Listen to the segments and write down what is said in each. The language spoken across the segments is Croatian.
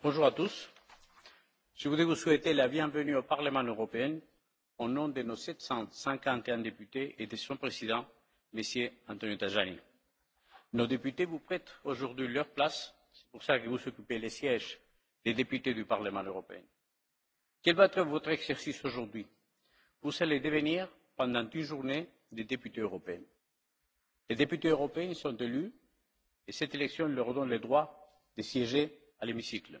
bonjour à tous je voudrais vous souhaiter la bienvenue au parlement européen au nom de nos sept cent cinquante et un députés et de son président m. antonio tajani. nos députés vous prêtent aujourd'hui leur place c'est pour cela que vous occupez les sièges des députés du parlement européen. quel va être votre exercice aujourd'hui? vous allez devenir pendant une journée des députés européens. les députés européens sont élus et cette élection leur donne le droit de siéger à l'hémicycle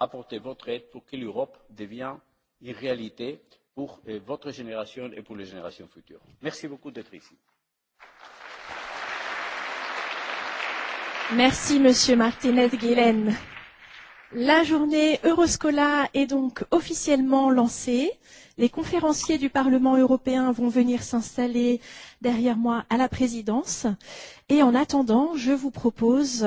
apporter votre aide pour que l'Europe devienne une réalité pour euh, votre génération et pour les générations futures. Merci beaucoup d'être ici. Merci Monsieur Martinez guillen. La journée Euroscola est donc officiellement lancée. Les conférenciers du Parlement européen vont venir s'installer derrière moi à la présidence. Et en attendant, je vous propose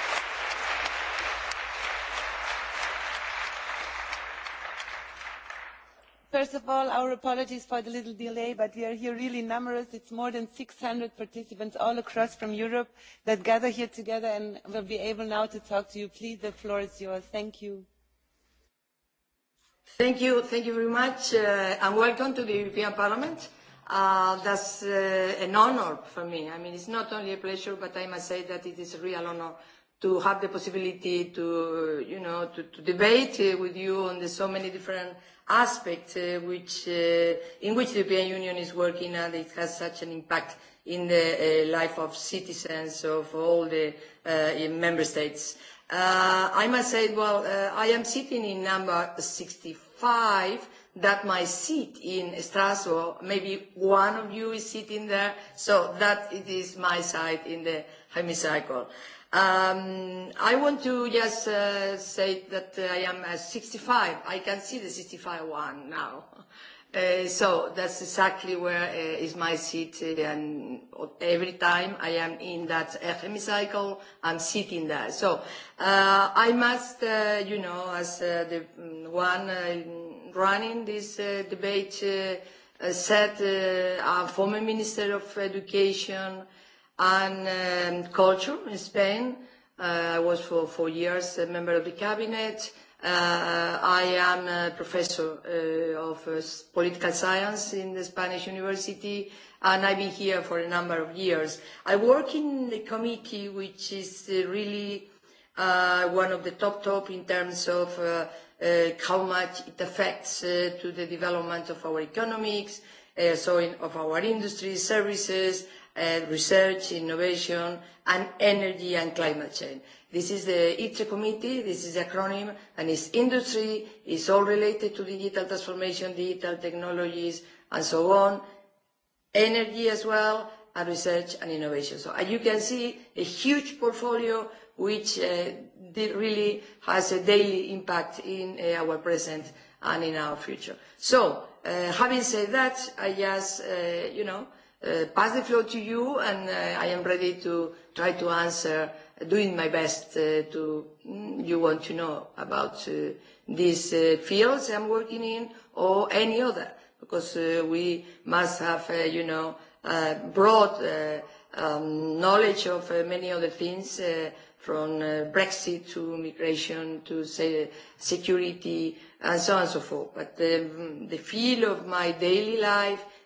First of all, our apologies for the little delay, but we are here really numerous. It's more than 600 participants all across from Europe that gather here together and will be able now to talk to you. Please, the floor is yours. Thank you. Thank you. Thank you very much, uh, and welcome to the European Parliament. Uh, that's uh, an honor for me. I mean, it's not only a pleasure, but I must say that it is a real honor to have the possibility to, you know, to, to debate uh, with you on the so many different aspects uh, which, uh, in which the European Union is working and it has such an impact in the uh, life of citizens of all the uh, member states. Uh, I must say, well, uh, I am sitting in number 65 that my seat in Strasbourg, maybe one of you is sitting there, so that it is my side in the hemicycle. Um, I want to just uh, say that uh, I am uh, 65. I can see the 65 one now. Uh, so that's exactly where uh, is my seat uh, and every time I am in that hemicycle, I'm sitting there. So uh, I must, uh, you know, as uh, the mm, one uh, running this uh, debate uh, said, uh, our former Minister of Education, and um, culture in Spain. Uh, I was for four years a member of the cabinet. Uh, I am a professor uh, of political science in the Spanish University, and I've been here for a number of years. I work in the committee, which is really uh, one of the top top in terms of how much it affects to the development of our economics, so in, of our industry, services, Uh, research, innovation, and energy and climate change. This is the ITRE committee, this is the acronym, and it's industry, it's all related to digital transformation, digital technologies, and so on, energy as well, and research and innovation. So as you can see, a huge portfolio which uh, really has a daily impact in uh, our present and in our future. So, uh, having said that, I just, uh, you know, Uh, pass the floor to you, and uh, I am ready to try to answer, doing my best uh, to mm, you want to know about uh, these uh, fields I'm working in or any other, because uh, we must have, uh, you know, uh, broad uh, um, knowledge of uh, many other things. Uh, from uh, Brexit to migration to say, security and so on and so forth. But um, the feel of my daily life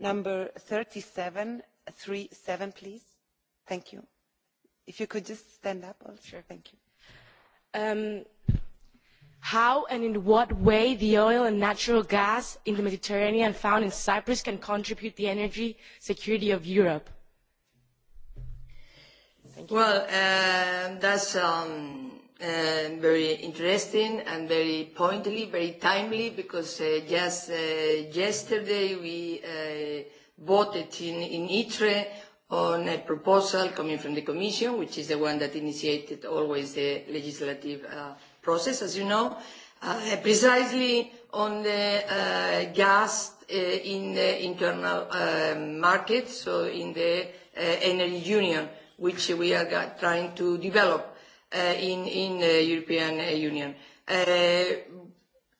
number 3737 please thank you if you could just stand up oh sure thank you um, how and in what way the oil and natural gas in the mediterranean found in cyprus can contribute the energy security of europe well uh, that's um very interesting and very pointedly, very timely, because uh, just uh, yesterday we voted uh, in, in ITRE on a proposal coming from the Commission, which is the one that initiated always the legislative process, as you know, precisely on the gas in the internal um, market, so in the energy union, which we are trying to develop uh, in, in the eh, European eh, Union.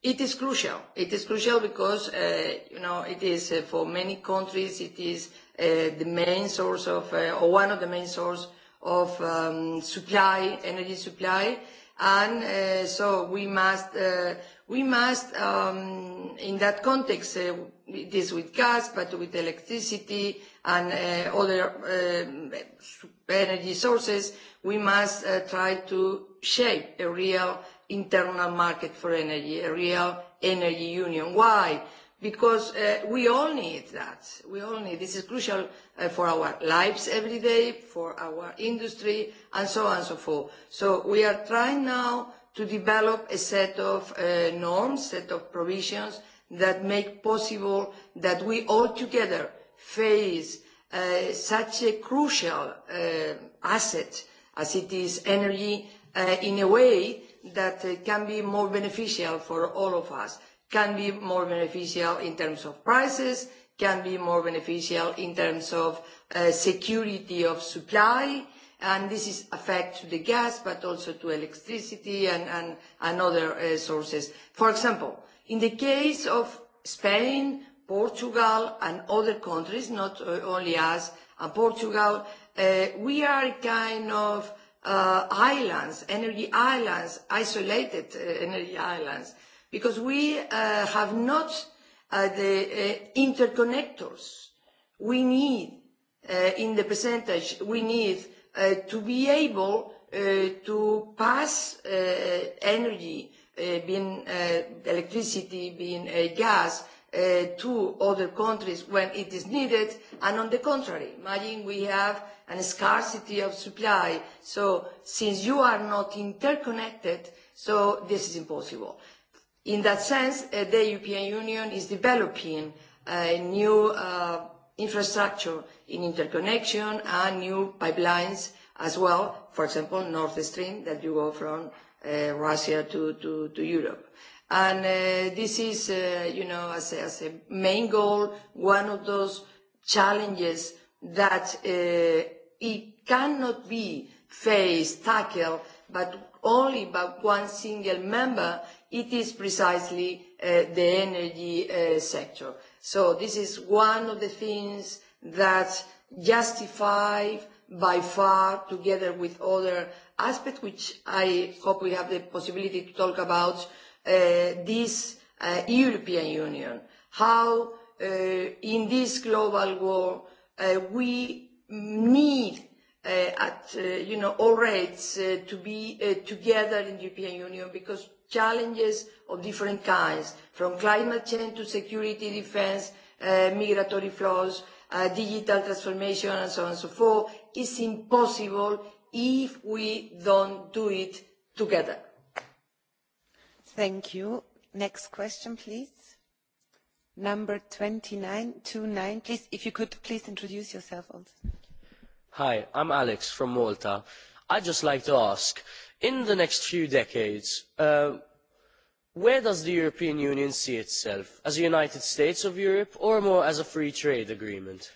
It is crucial. It is crucial because, you know, it is for many countries, it is the main source of, or one of the main source of um, supply, energy supply. And so we must We must, um, in that context, uh, it is with gas, but with electricity and uh, other uh, energy sources, we must uh, try to shape a real internal market for energy, a real energy union. Why? Because uh, we all need that. We all need. This is crucial uh, for our lives every day, for our industry, and so on and so forth. So we are trying now to develop a set of uh, norms, set of provisions that make possible that we all together face uh, such a crucial uh, asset as it is energy uh, in a way that uh, can be more beneficial for all of us, can be more beneficial in terms of prices, can be more beneficial in terms of uh, security of supply, and this is affect to the gas, but also to electricity and, and, and other uh, sources. For example, in the case of Spain, Portugal and other countries, not uh, only us and Portugal, uh, we are kind of uh, islands, energy islands, isolated uh, energy islands, because we uh, have not uh, the uh, interconnectors we need uh, in the percentage we need uh, to be able uh, to pass uh, energy, uh, being uh, electricity, being uh, gas, uh, to other countries when it is needed. And on the contrary, imagine we have a scarcity of supply. So since you are not interconnected, so this is impossible. In that sense, uh, the European Union is developing a new uh, infrastructure in interconnection and new pipelines as well, for example, North Stream that you go from uh, Russia to, to, to Europe. And uh, this is, uh, you know, as a, as a main goal, one of those challenges that uh, it cannot be faced, tackled, but only by one single member, it is precisely uh, the energy uh, sector. So this is one of the things that justify by far, together with other aspects, which I hope we have the possibility to talk about Uh, this uh, European Union, how uh, in this global war we need uh, at you know all rates to be uh, together in the European Union because challenges of different kinds, from climate change to security, defence, uh, migratory flows, uh, digital transformation and so on and so forth, is impossible if we don't do it together. Thank you. Next question, please. Number 2929, please, if you could please introduce yourself also. Hi, I'm Alex from Malta. I'd just like to ask, in the next few decades, uh, where does the European Union see itself? As a United States of Europe or more as a free trade agreement?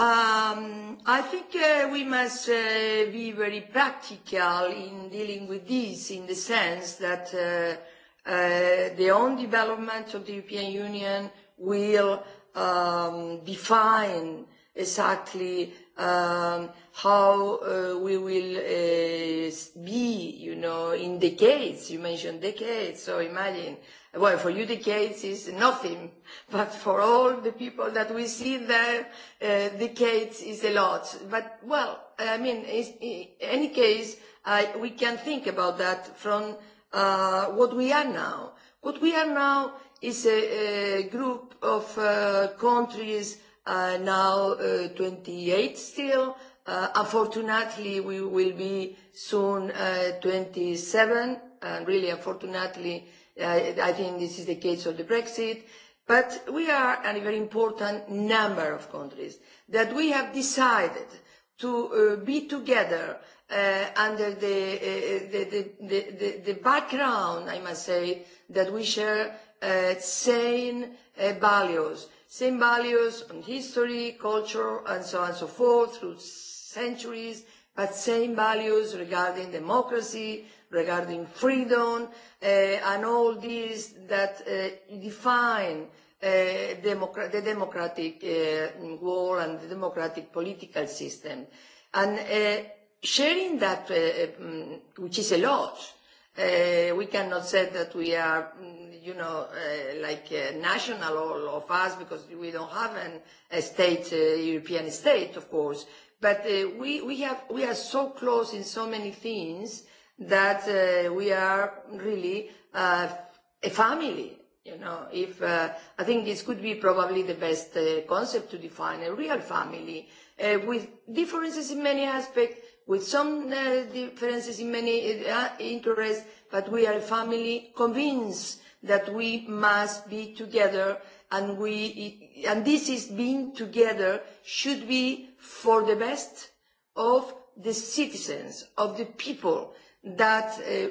Um, I think uh, we must uh, be very practical in dealing with this in the sense that uh, uh, the own development of the European Union will um, define exactly um, how uh, we will uh, be, you know, in decades. You mentioned decades, so imagine well, for you the decades is nothing, but for all the people that we see there, uh, decades is a lot. But, well, I mean, in any case, I, we can think about that from uh, what we are now. What we are now is a, a group of uh, countries, uh, now uh, 28 still. Uh, unfortunately, we will be soon uh, 27, and really unfortunately, i think this is the case of the Brexit. But we are a very important number of countries that we have decided to uh, be together uh, under the, uh, the, the, the, the background, I must say, that we share uh, same uh, values, same values on history, culture, and so on and so forth through centuries but same values regarding democracy, regarding freedom, uh, and all these that uh, define uh, the democratic world and the democratic political system. And sharing that, which is a lot, we cannot say that we are, mm, you know, like national all of us because we don't have an, a state, a European state, of course But uh, we, we, have, we are so close in so many things that uh, we are really uh, a family. You know, if uh, I think this could be probably the best uh, concept to define a real family uh, with differences in many aspects, with some uh, differences in many uh, interests, but we are a family convinced that we must be together and we, and this is being together should be for the best of the citizens, of the people that uh,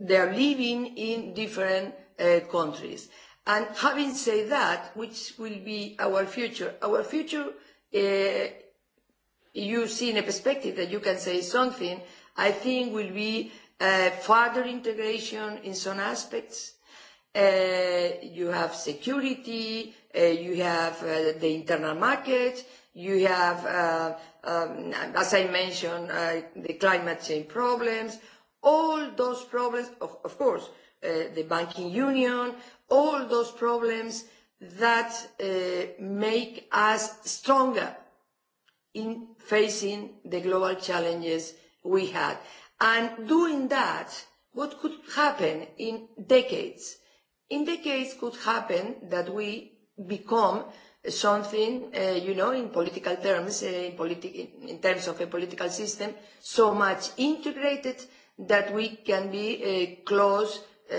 they are living in different uh, countries. And having said that, which will be our future? Our future, uh, you see in a perspective that you can say something, I think will be uh, further integration in some aspects. Uh, you have security, uh, you have uh, the internal market, You have, uh, um, as I mentioned, uh, the climate change problems, all those problems, of, of course, uh, the banking union, all those problems that uh, make us stronger in facing the global challenges we had. And doing that, what could happen in decades? In decades could happen that we become something, uh, you know, in political terms, uh, in, in terms of a political system, so much integrated that we can be uh, close uh,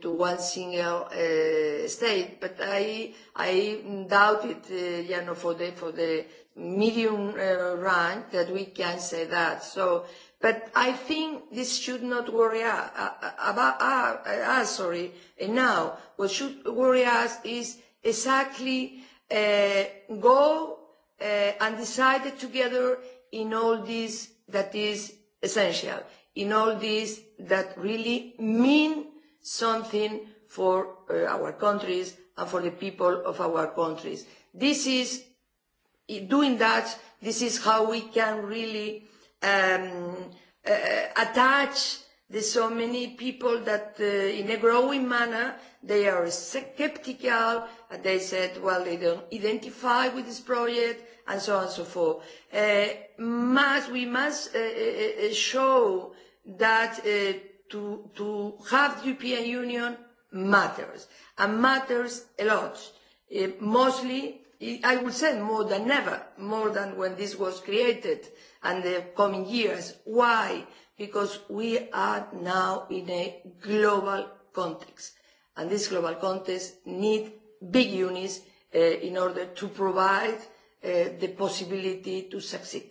to one single uh, state. But I, I doubt it, uh, you know, for the, for the medium uh, run that we can say that. So, but I think this should not worry us, uh, about, uh, uh, sorry, now. What should worry us is exactly uh, go uh, and decide together in all this that is essential, in all this that really mean something for uh, our countries and for the people of our countries. This is, doing that, this is how we can really um, uh, uh attach There's so many people that uh, in a growing manner, they are skeptical and they said, well, they don't identify with this project and so on and so forth. Uh, must, we must uh, uh, uh, show that uh, to, to have the European Union matters and matters a lot. Uh, mostly, I would say more than ever, more than when this was created and the coming years. Why? because we are now in a global context. And this global context need big units uh, in order to provide uh, the possibility to succeed.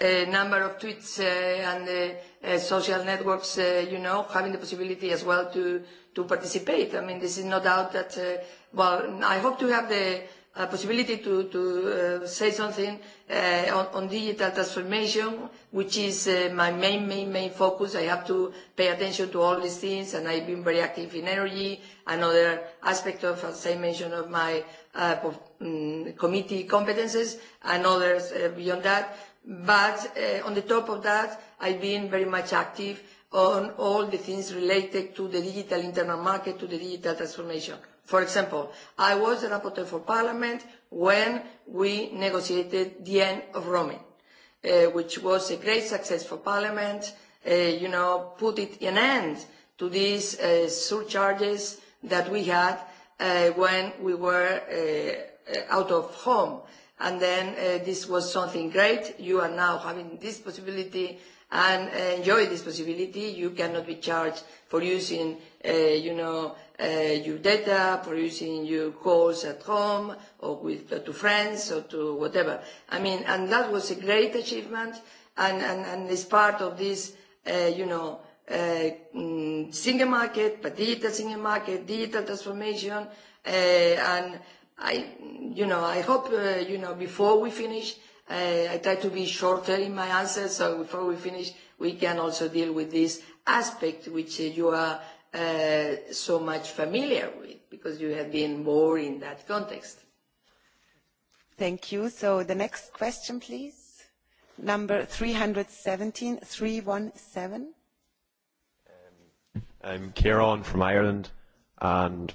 a number of tweets uh, and uh, uh, social networks, uh, you know, having the possibility as well to, to participate. I mean, this is no doubt that, uh, well, I hope to have the uh, possibility to, to uh, say something uh, on, on digital transformation, which is uh, my main, main, main focus. I have to pay attention to all these things, and I've been very active in energy, another aspect of, as I mentioned, of my uh, mm, committee competences, and others uh, beyond that But uh, on the top of that, I've been very much active on all the things related to the digital internal market, to the digital transformation. For example, I was the rapporteur for Parliament when we negotiated the end of roaming, uh, which was a great success for Parliament, uh, you know, put it an end to these surcharges that we had when we were out of home and then uh, this was something great. You are now having this possibility and uh, enjoy this possibility. You cannot be charged for using, uh, you know, uh, your data, for using your calls at home or with uh, to friends or to whatever. I mean, and that was a great achievement, and and, and it's part of this, uh, you know. Uh, mm, single market, but digital single market, digital transformation, uh, and i, you know, I hope, uh, you know, before we finish, uh, I try to be shorter in my answer, so before we finish, we can also deal with this aspect which uh, you are uh, so much familiar with, because you have been more in that context. Thank you. So the next question, please. Number 317, 317. Um, I'm Ciarán from Ireland, and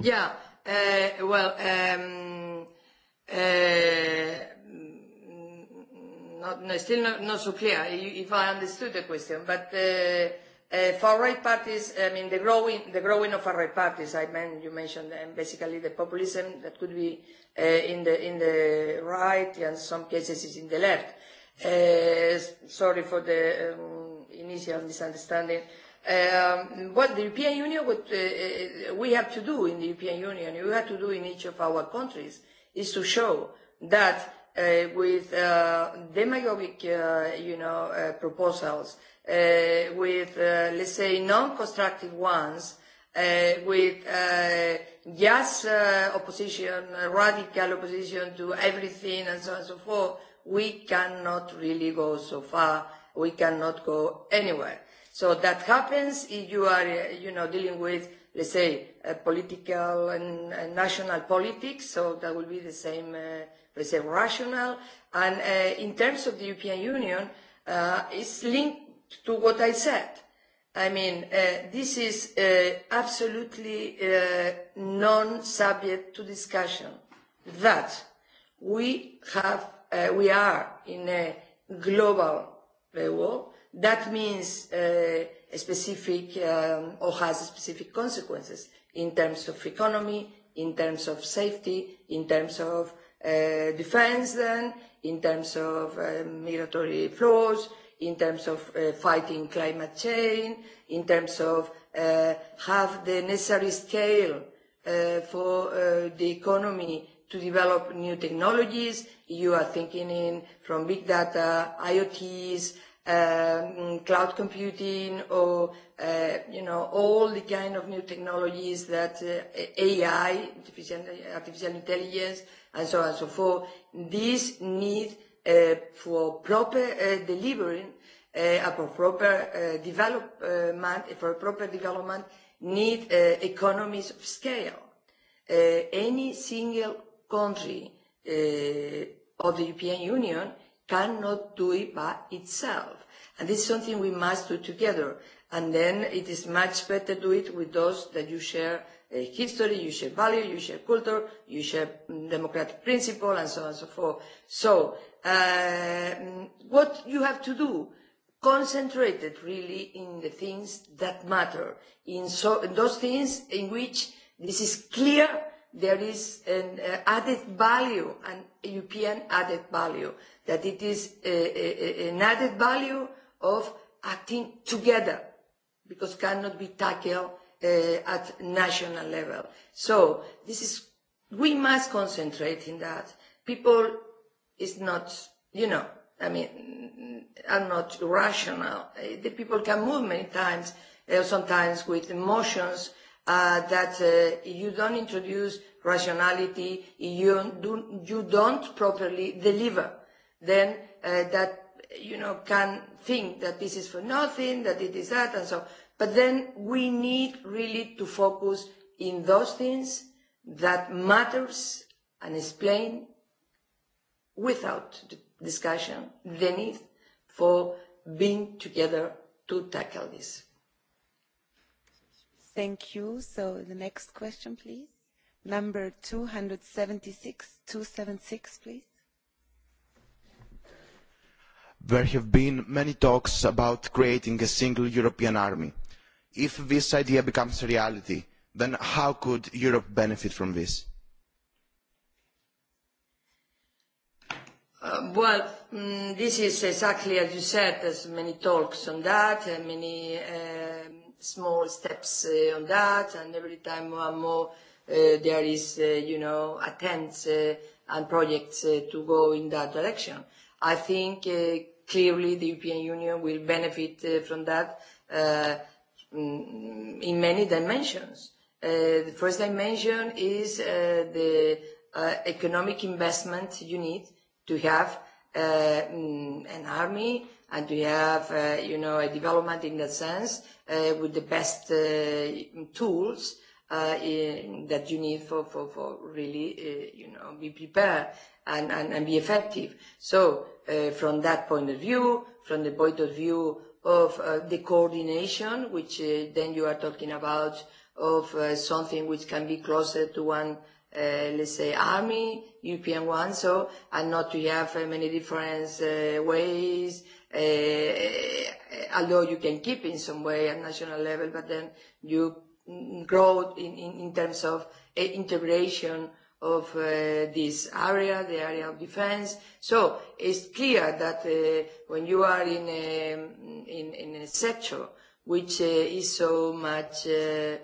Yeah. Uh, well, um, uh, not, no, still not, not so clear if I understood the question, but uh, uh, far right parties, I mean the growing, the growing of far right parties. I mean you mentioned um, basically the populism that could be uh, in the in the right, and some cases is in the left. Uh, sorry for the um, initial misunderstanding. Um, what the European Union, what uh, uh, we have to do in the European Union, we have to do in each of our countries, is to show that uh, with uh, demagogic, uh, you know, uh, proposals, uh, with, uh, let's say, non-constructive ones, uh, with uh, just uh, opposition, radical opposition to everything and so on and so forth, we cannot really go so far. We cannot go anywhere. So that happens if you are, uh, you know, dealing with, let's say, uh, political and national politics. So that will be the same, uh, let's say, rational. And uh, in terms of the European Union, uh, it's linked to what I said. I mean, uh, this is uh, absolutely uh, non-subject to discussion. That we have, uh, we are in a global uh, world that means uh, a specific um, or has specific consequences in terms of economy, in terms of safety, in terms of uh, defense then, in terms of uh, migratory flows, in terms of uh, fighting climate change, in terms of uh, have the necessary scale uh, for uh, the economy to develop new technologies. You are thinking in from big data, IoTs, Um, cloud computing or uh, you know all the kind of new technologies that uh, AI, artificial, intelligence, and so on and so forth. This need uh, for proper uh, delivering uh, for proper uh, development, uh, for proper development, need uh, economies of scale. Uh, any single country uh, of the European Union cannot do it by itself. And this is something we must do together. And then it is much better to do it with those that you share a uh, history, you share value, you share culture, you share mm, democratic principle, and so on and so forth. So uh, what you have to do concentrated really in the things that matter, in, so, in those things in which this is clear there is an uh, added value, an European added value, that it is a, uh, uh, an added value of acting together because cannot be tackled uh, at national level. So this is, we must concentrate in that. People is not, you know, I mean, are not rational. Uh, the people can move many times, uh, sometimes with emotions uh, that uh, you don't introduce rationality, you, do, you don't properly deliver. Then uh, that you know, can think that this is for nothing, that it is that, and so. But then we need really to focus in those things that matters and explain without discussion the need for being together to tackle this. Thank you. So the next question, please. Number 276, 276, please there have been many talks about creating a single European army. If this idea becomes a reality, then how could Europe benefit from this? Uh, well, mm, this is exactly as you said, there's many talks on that, and uh, many uh, small steps on that, and every time more and more there is, you know, attempts and projects to go in that direction. I think clearly the European Union will benefit uh, from that uh, mm, in many dimensions. Uh, the first dimension is uh, the uh, economic investment you need to have uh, mm, an army and to have, uh, you know, a development in that sense uh, with the best uh, tools uh, in, that you need for, for, for really, uh, you know, be prepared and, and, and be effective. So uh, from that point of view, from the point of view of uh, the coordination, which uh, then you are talking about of uh, something which can be closer to one, uh, let's say, army, European one, so, and not to have uh, many different uh, ways, uh, uh although you can keep in some way at national level, but then you mm, grow in, in, in terms of uh, integration of uh, this area, the area of defense. So it's clear that uh, when you are in a, in, in a sector which uh, is so much, uh,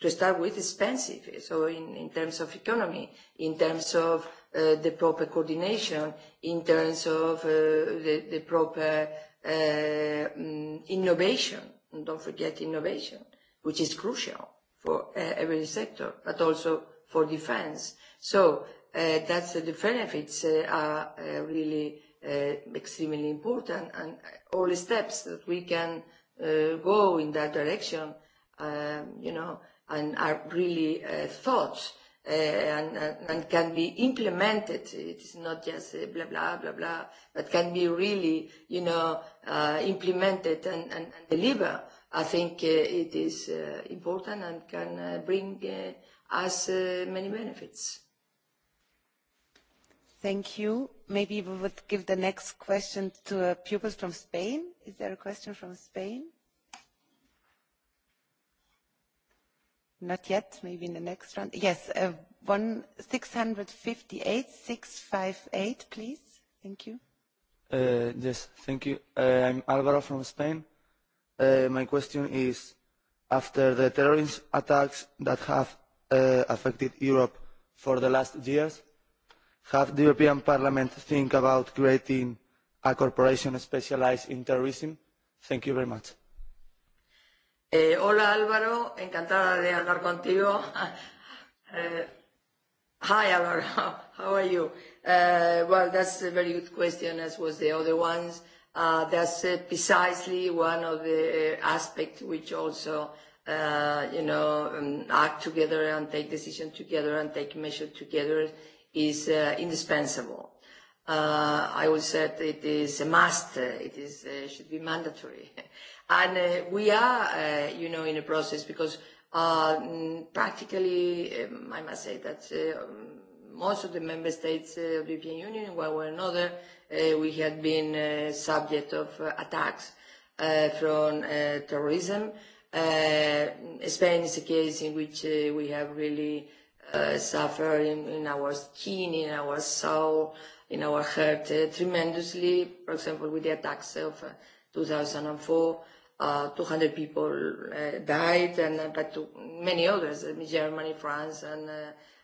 to start with, expensive, so in, in terms of economy, in terms of uh, the proper coordination, in terms of uh, the, the proper uh, mm, innovation, and don't forget innovation, which is crucial for uh, every sector, but also for defense So uh, that's the benefits uh, are uh, really extremely important and all the steps that we can go in that direction, um, you know, and are really thought and, can be implemented. It is not just blah, blah, blah, blah, but can be really, you know, implemented and, and, deliver. I think it is important and can bring us many benefits. Thank you. Maybe we would give the next question to a pupil from Spain. Is there a question from Spain? Not yet. Maybe in the next round. Yes, uh, one 658, please. Thank you. Uh, yes, thank you. Uh, I'm Alvaro from Spain. my question is, after the terrorist attacks that have affected Europe for the last years, have the European Parliament think about creating a corporation specialized in terrorism? Thank you very much. Eh, hola Álvaro, encantada de hablar contigo. uh, hi Álvaro, how are you? Uh, well, that's a very good question, as was the other ones. Uh, that's uh, precisely one of the aspects which also uh, you know, um, act together and take decisions together and take measures together is uh, indispensable. Uh, I would say that it is a must, it is, uh, should be mandatory. and uh, we are, uh, you know, in a process because uh, practically, um, I must say that uh, most of the member states uh, of the European Union, one way or another, uh, we had been uh, subject of uh, attacks uh, from uh, terrorism. Uh, Spain is a case in which uh, we have really Uh, suffer in, in our skin, in our soul, in our heart uh, tremendously. For example, with the attacks of uh, 2004, uh, 200 people uh, died, and uh, to many others, uh, Germany, France, and uh,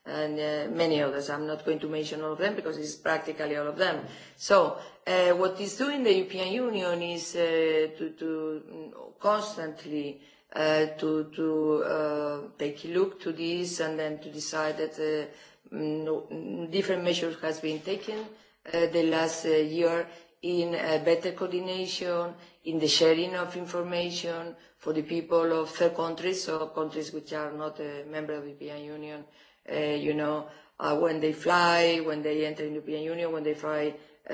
and uh, many others. I'm not going to mention all of them because it's practically all of them. So uh, what is doing the European Union is uh, to, to constantly Uh, to, to uh, take a look to this and then to decide that uh, mm, no, mm, different measures has been taken uh, the last uh, year in uh, better coordination, in the sharing of information for the people of third countries, so countries which are not a member of the European Union, uh, you know, uh, when they fly, when they enter the European Union, when they fly uh,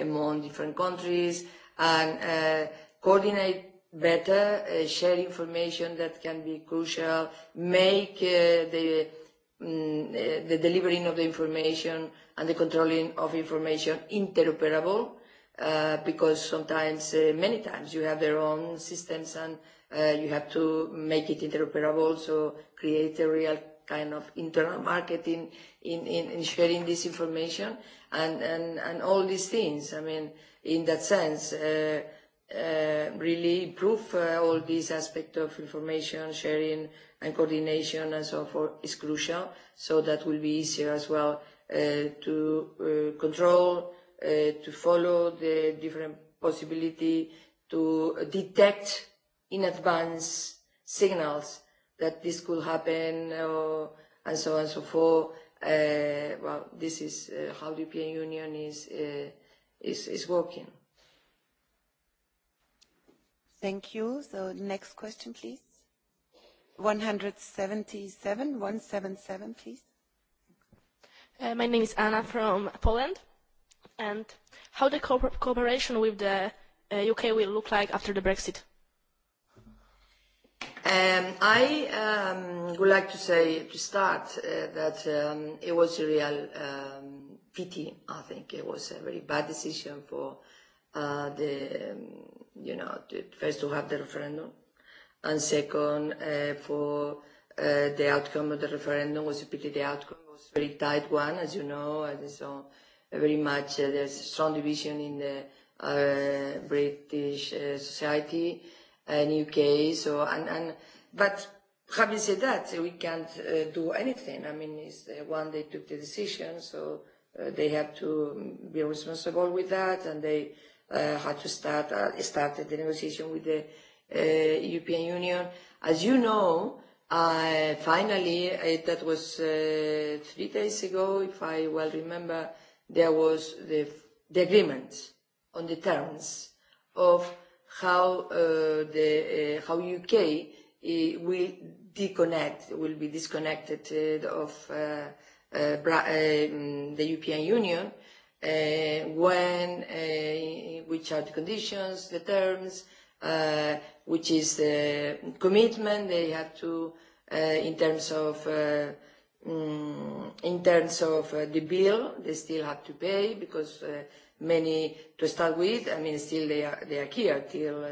among different countries, and uh, coordinate better, uh, share information that can be crucial, make uh, the, um, the delivering of the information and the controlling of information interoperable, uh, because sometimes, uh, many times, you have their own systems and uh, you have to make it interoperable, so create a real kind of internal marketing in, in, in sharing this information and, and, and all these things. I mean, in that sense, uh, Uh, really improve uh, all these aspects of information sharing and coordination and so forth is crucial. So that will be easier as well uh, to uh, control, uh, to follow the different possibility to detect in advance signals that this could happen uh, and so on and so forth. Uh, well, this is uh, how the European Union is, uh, is, is working. Thank you. So next question, please. 177, 177, please. Uh, my name is Anna from Poland. And how the co cooperation with the uh, UK will look like after the Brexit? Um, I um, would like to say to start uh, that um, it was a real um, pity. I think it was a very bad decision for uh, the, you know, the, first to have the referendum, and second uh, for uh, the outcome of the referendum was repeated. The outcome was very tight one, as you know, and so uh, very much uh, there's strong division in the uh, British uh, society and UK. So and and but having said that, we can't uh, do anything. I mean, it's uh, one they took the decision, so uh, they have to be responsible with that, and they uh, had to start uh, started the negotiation with the uh, European Union. As you know, uh, finally, uh, that was uh, three days ago, if I well remember, there was the, the agreement on the terms of how uh, the uh, how UK uh, will disconnect will be disconnected uh, of uh, uh, Bra uh, mm, the European Union uh, when, uh, which are the conditions, the terms, uh, which is the commitment they have to uh, in terms of uh, mm, in terms of uh, the bill they still have to pay because uh, many to start with I mean still they are they are here till uh,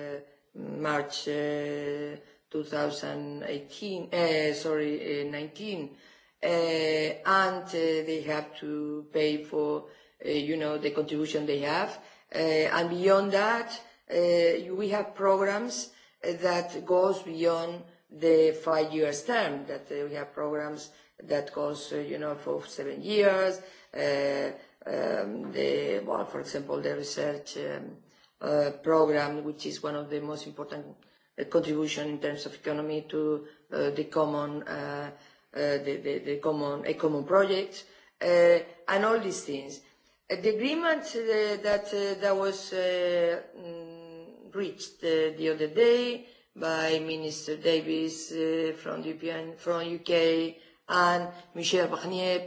March uh, 2018 uh, sorry uh, 19 uh, and uh, they have to pay for Uh, you know, the contribution they have. Uh, and beyond that, we have programs that goes beyond the five years term, that we have programs that goes, you know, for seven years. Uh, um, the, well, for example, the research um, program, which is one of the most important uh, contribution in terms of economy to the common, the, common, a common project, and all these things. The agreement uh, that uh, that was uh, mm, reached the other day by Minister Davis from the from UK and Michel Barnier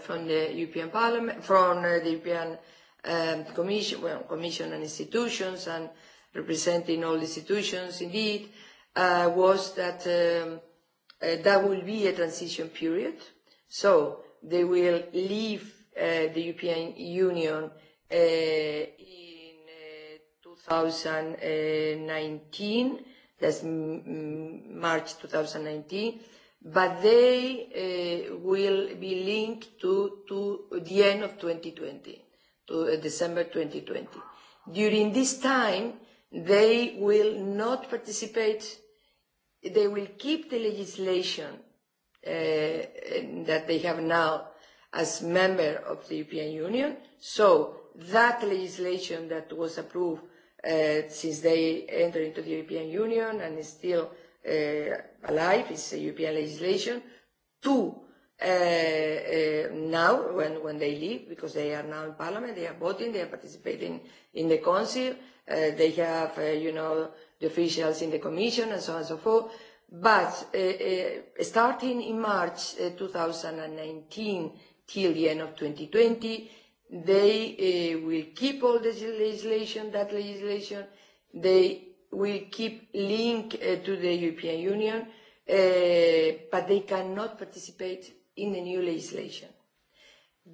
from the European Parliament, from the um, Commission, and institutions, and representing all institutions, indeed, was that um, that will be a transition period. So they will leave Eh, the European Union eh, in 2019, eh, that's March 2019, but they uh, will be linked to, to the end of 2020, to uh, December 2020. During this time, they will not participate. They will keep the legislation uh, that they have now as member of the European Union. So that legislation that was approved uh, since they entered into the European Union and is still uh, alive, is European legislation, to uh, uh, now when, when they leave, because they are now in Parliament, they are voting, they are participating in the Council, uh, they have, uh, you know, the officials in the Commission and so on and so forth. But uh, uh, starting in March uh, 2019, till the end of 2020. They uh, will keep all the legislation, that legislation. They will keep link uh, to the European Union, uh, but they cannot participate in the new legislation.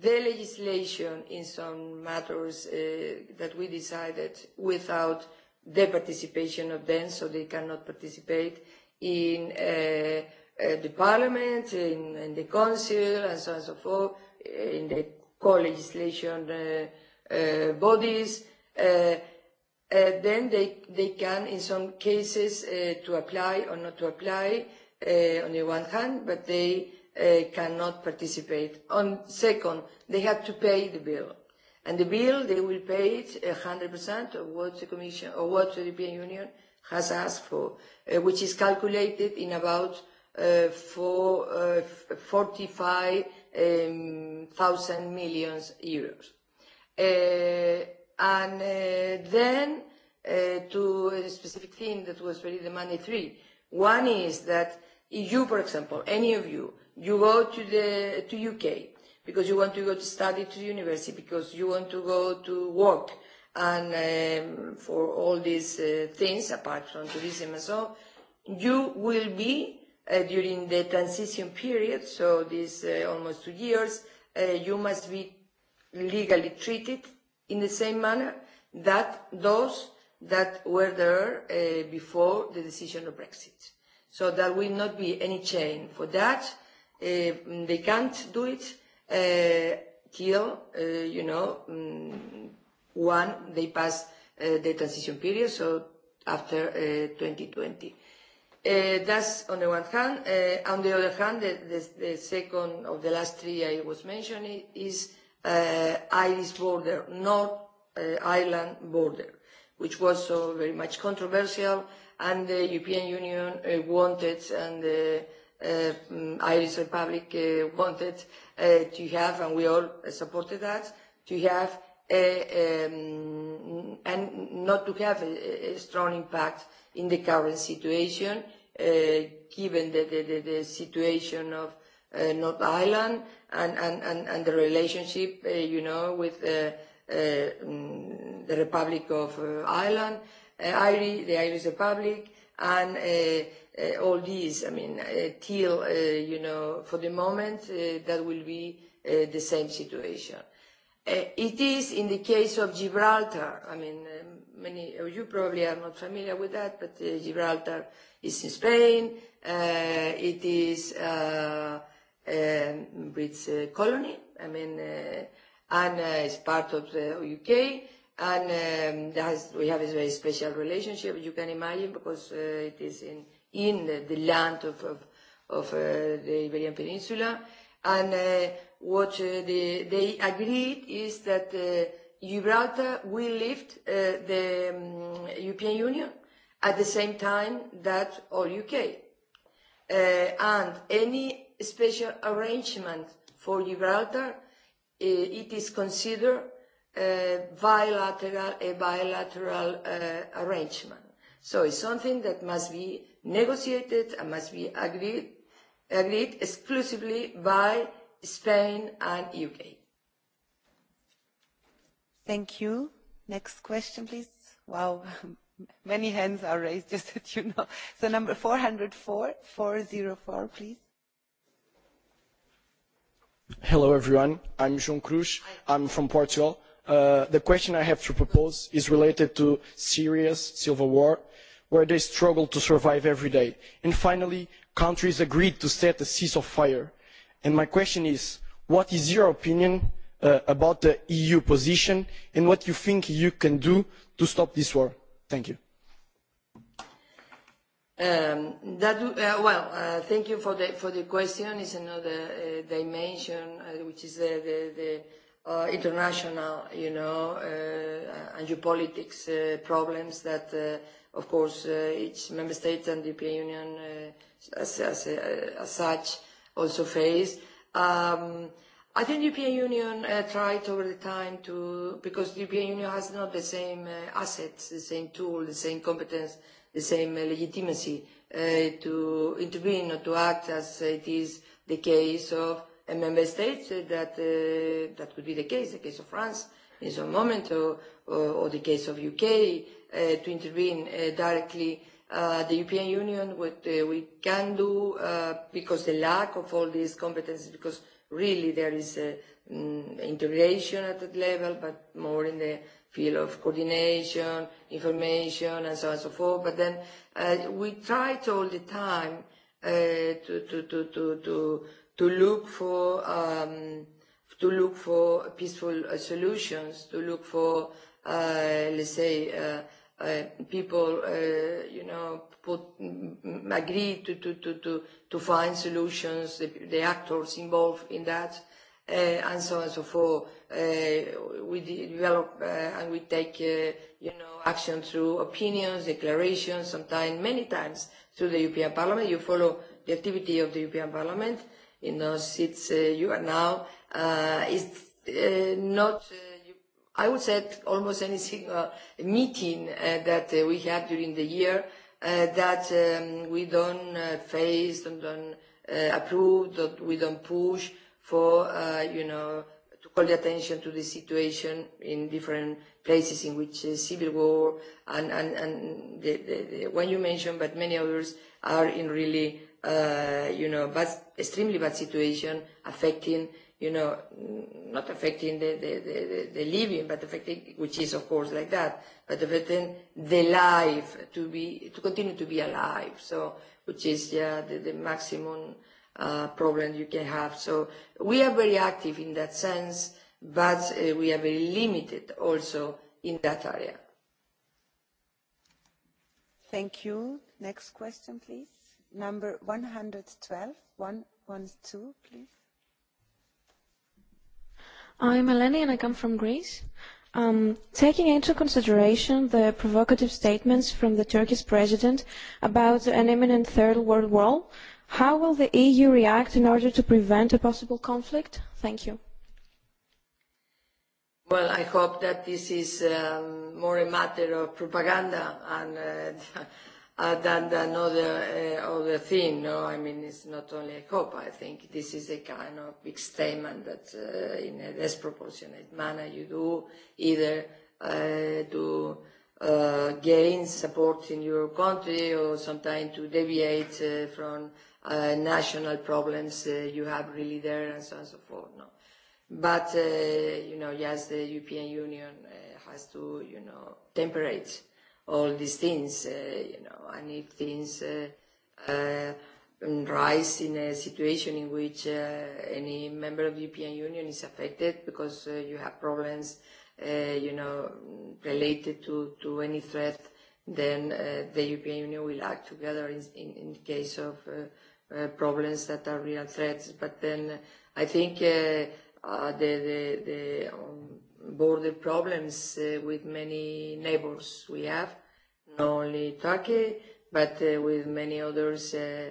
The legislation in some matters uh, that we decided without the participation of them, so they cannot participate in uh, uh, the parliament, in, in the council, and so on and so forth Eh, in the co-legislation uh, uh, bodies. Uh, uh, then they, they can, in some cases, uh, to apply or not to apply uh, on the one hand, but they uh, cannot participate. On second, they have to pay the bill. And the bill, they will pay it 100% of what the Commission or what the European Union has asked for, uh, which is calculated in about uh, for, uh, 45 um, thousand million euros. Uh, and uh, then uh, to a specific thing that was very money three. One is that if you, for example, any of you, you go to the to UK because you want to go to study to university, because you want to go to work, and um, for all these uh, things, apart from tourism and so, you will be Uh, during the transition period, so this uh, almost two years, uh, you must be legally treated in the same manner that those that were there before the decision of Brexit. So there will not be any change for that. they can't do it till, you know, mm, one, they pass the transition period, so after 2020. Uh, that's on the one hand. Eh, on the other hand, the, second of the last three I was mentioning is eh, Irish border, North Ireland border, which was so very much controversial, and the European Union wanted, and the Irish Republic wanted to have, and we all supported that, to have a, and not to have a strong impact in the current situation, uh, given the, situation of uh, North Island and, and, and, the relationship, uh, you know, with the mm, Republic of Ireland, the Irish Republic, and all these. I mean, till, you know, for the moment, that will be the same situation. Eh, it is in the case of Gibraltar. I mean, eh, many of you probably are not familiar with that, but eh, Gibraltar is in Spain. it is uh, a British colony. I mean, and it's part of the U.K. And um, has, we have a very special relationship, you can imagine, because it is in, in the land of, of, of the Iberian Peninsula. And what uh, the, they agreed is that uh, Gibraltar will lift uh, the um, European Union at the same time that all UK. Uh, and any special arrangement for Gibraltar, uh, it is considered a uh, bilateral, a bilateral uh, arrangement. So it's something that must be negotiated and must be agreed, agreed exclusively by Spain and UK. Thank you. Next question, please. Wow, many hands are raised, just that you know. So number 404, 404, please. Hello, everyone. I'm João Cruz. I'm from Portugal. Uh, the question I have to propose is related to Syria's civil war, where they struggle to survive every day. And finally, countries agreed to set a cease of fire and my question is what is your opinion uh, about the eu position and what you think you can do to stop this war? thank you. Um, that, uh, well, uh, thank you for the, for the question. It's another dimension, which is the, the, international, you know, and geopolitics problems that, of course, each member state and the European Union as, as, as such also face. Um, I think the European Union uh, tried over the time to, because the European Union has not the same uh, assets, the same tool, the same competence, the same uh, legitimacy uh, to intervene or to act as it is the case of a member state uh, that, that could be the case, the case of France in some moment or, or, or the case of UK, to intervene directly uh, the European Union, what uh, we can do, uh, because the lack of all these competences, because really there is a, mm, integration at that level, but more in the field of coordination, information, and so on and so forth. But then uh, we tried all the time uh, to, to, to, to, to, to look for um, to look for peaceful uh, solutions, to look for, uh, let's say, uh, uh, people, uh, you know, put, m mm, agree to, to, to, to, to find solutions, the, the actors involved in that, uh, and so on and so forth. Uh, we develop uh, and we take, uh, you know, action through opinions, declarations, sometimes, many times through the European Parliament. You follow the activity of the European Parliament in those seats uh, you are now. Uh, it's uh, not... Uh, i would say almost any single uh, meeting uh, that uh, we have during the year that um, we don't uh, face, don't, approve, that we don't push for, you know, to call the attention to the situation in different places in which civil war and, and, the, one you mentioned, but many others are in really, you know, bad, extremely bad situation affecting you know, not affecting the, the, the, the living, but affecting, which is of course like that, but affecting the life to be, to continue to be alive. So, which is the, the maximum uh, problem you can have. So we are very active in that sense, but uh, we are very limited also in that area. Thank you. Next question, please. Number 112, 112, please. I'm Eleni and I come from Greece. Um, taking into consideration the provocative statements from the Turkish president about an imminent third world war, how will the EU react in order to prevent a possible conflict? Thank you. Well, I hope that this is um, more a matter of propaganda and uh, than another uh, other thing. No, I mean it's not only a COP. I think this is a kind of big statement that, uh, in a disproportionate manner, you do either uh, to uh, gain support in your country or sometimes to deviate uh, from uh, national problems uh, you have really there and so on and so forth. No. But, uh, you know, yes, the European Union uh, has to, you know, temperate all these things, uh, you know, and if things uh, uh, rise in a situation in which uh, any member of the European Union is affected because uh, you have problems, uh, you know, related to, to any threat, then uh, the European Union will act together in, in, in case of uh, uh, problems that are real threats. But then I think uh, uh, the, the, the um, border problems uh, with many neighbors we have, not only Turkey, but uh, with many others uh,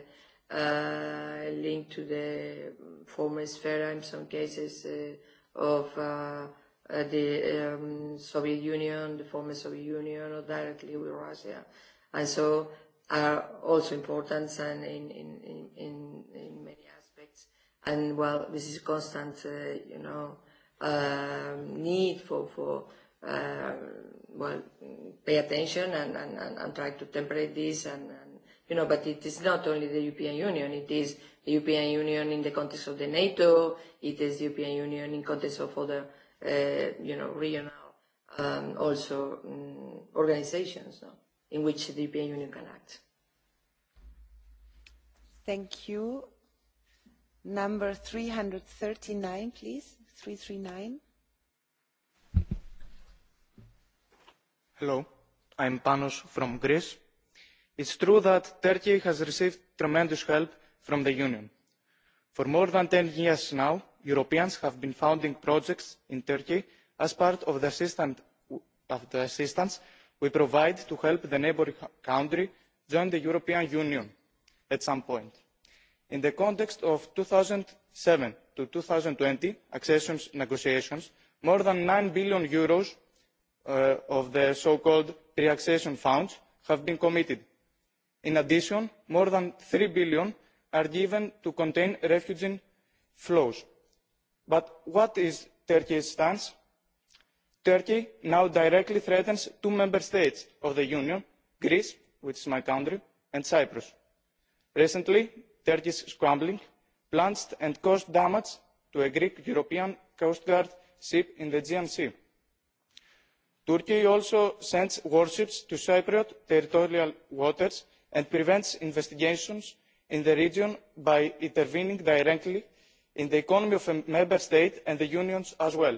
uh, linked to the former sphere in some cases uh, of uh, uh, the um, Soviet Union, the former Soviet Union, or directly with Russia. And so are also important and in, in, in, in many aspects. And well, this is constant, uh, you know, um, need for, for uh, well, pay attention and, and, and, and try to temperate this. And, and, you know, but it is not only the European Union. It is the European Union in the context of the NATO. It is the European Union in context of other, uh, you know, regional um, also um, organizations no? in which the European Union can act. Thank you. Number 339, please. 339. Hello, I'm Panos from Greece. It's true that Turkey has received tremendous help from the Union. For more than 10 years now, Europeans have been founding projects in Turkey as part of the assistance, of the assistance we provide to help the neighbouring country join the European Union at some point. In the context of 2007 to 2020 accession negotiations, more than nine billion uh, of the so-called pre-accession funds have been committed. In addition, more than three billion are given to contain refugee flows. But what is Turkey's stance? Turkey now directly threatens two member states of the Union, Greece, which is my country, and Cyprus. Recently, Turkey is scrambling plunged and caused damage to a greek european coast guard ship in the aegean sea. turkey also sends warships to cypriot territorial waters and prevents investigations in the region by intervening directly in the economy of a member state and the union's as well.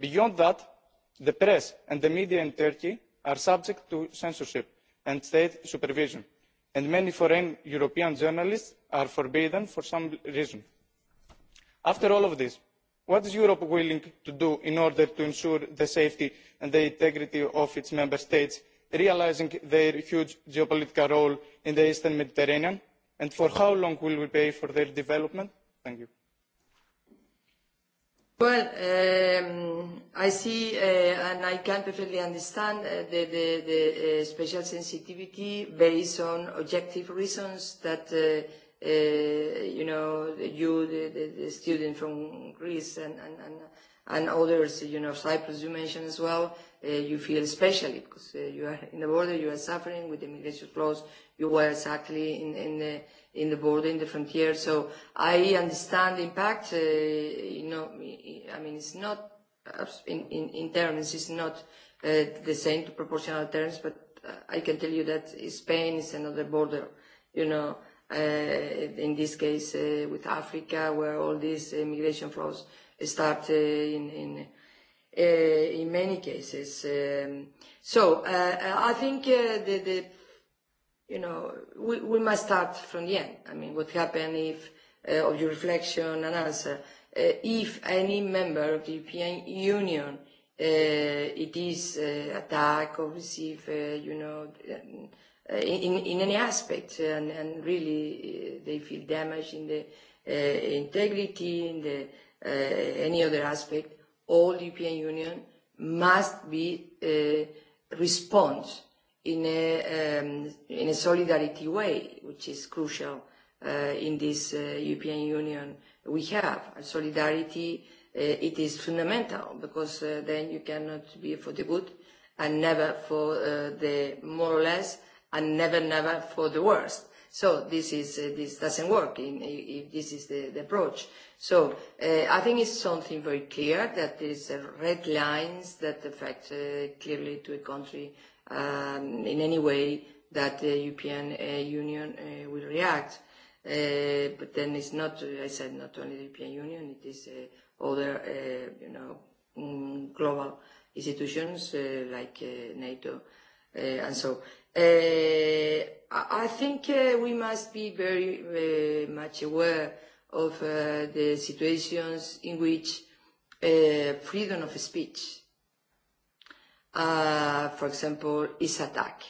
beyond that the press and the media in turkey are subject to censorship and state supervision and many foreign european journalists are forbidden for some reason. after all of this what is europe willing to do in order to ensure the safety and the integrity of its member states realising their huge geopolitical role in the eastern mediterranean and for how long will we pay for their development? Well, um, I see uh, and I can perfectly understand uh, the, the, the uh, special sensitivity based on objective reasons that, uh, uh, you know, you, the, the, the student from Greece and, and, and, and others, you know, Cyprus you mentioned as well, uh, you feel especially because uh, you are in the border, you are suffering with the immigration flows, you were exactly in, in the in the border, in the frontier. So I understand the impact. Uh, you know, I mean, it's not in, in, terms, it's not uh, the same to proportional terms, but uh, I can tell you that Spain is another border, you know, uh, in this case uh, with Africa, where all these immigration flows start uh, in, in, uh, in many cases. Um, so uh, I think uh, the, the you know, we, we must start from the end. I mean, what happened if, uh, of your reflection and answer, uh, if any member of the European Union uh, it is uh, attacked or receive, uh, you know, uh, in, in any aspect, and, and really uh, they feel damaged in the uh, integrity, in the uh, any other aspect, all the European Union must be uh, response in a, um, in a solidarity way, which is crucial uh, in this uh, European Union we have. Solidarity, uh, it is fundamental because uh, then you cannot be for the good and never for uh, the more or less and never, never for the worst. So this is uh, this doesn't work in, if this is the, the approach. So uh, I think it's something very clear that there is a uh, red lines that affect uh, clearly to a country um, in any way that the European uh, Union uh, will react. Uh, but then it's not, uh, I said, not only the European Union, it is uh, other, uh, you know, mm, global institutions uh, like uh, NATO uh, and so. Uh, I think uh, we must be very uh, much aware of uh, the situations in which uh, freedom of speech uh, for example, is attack.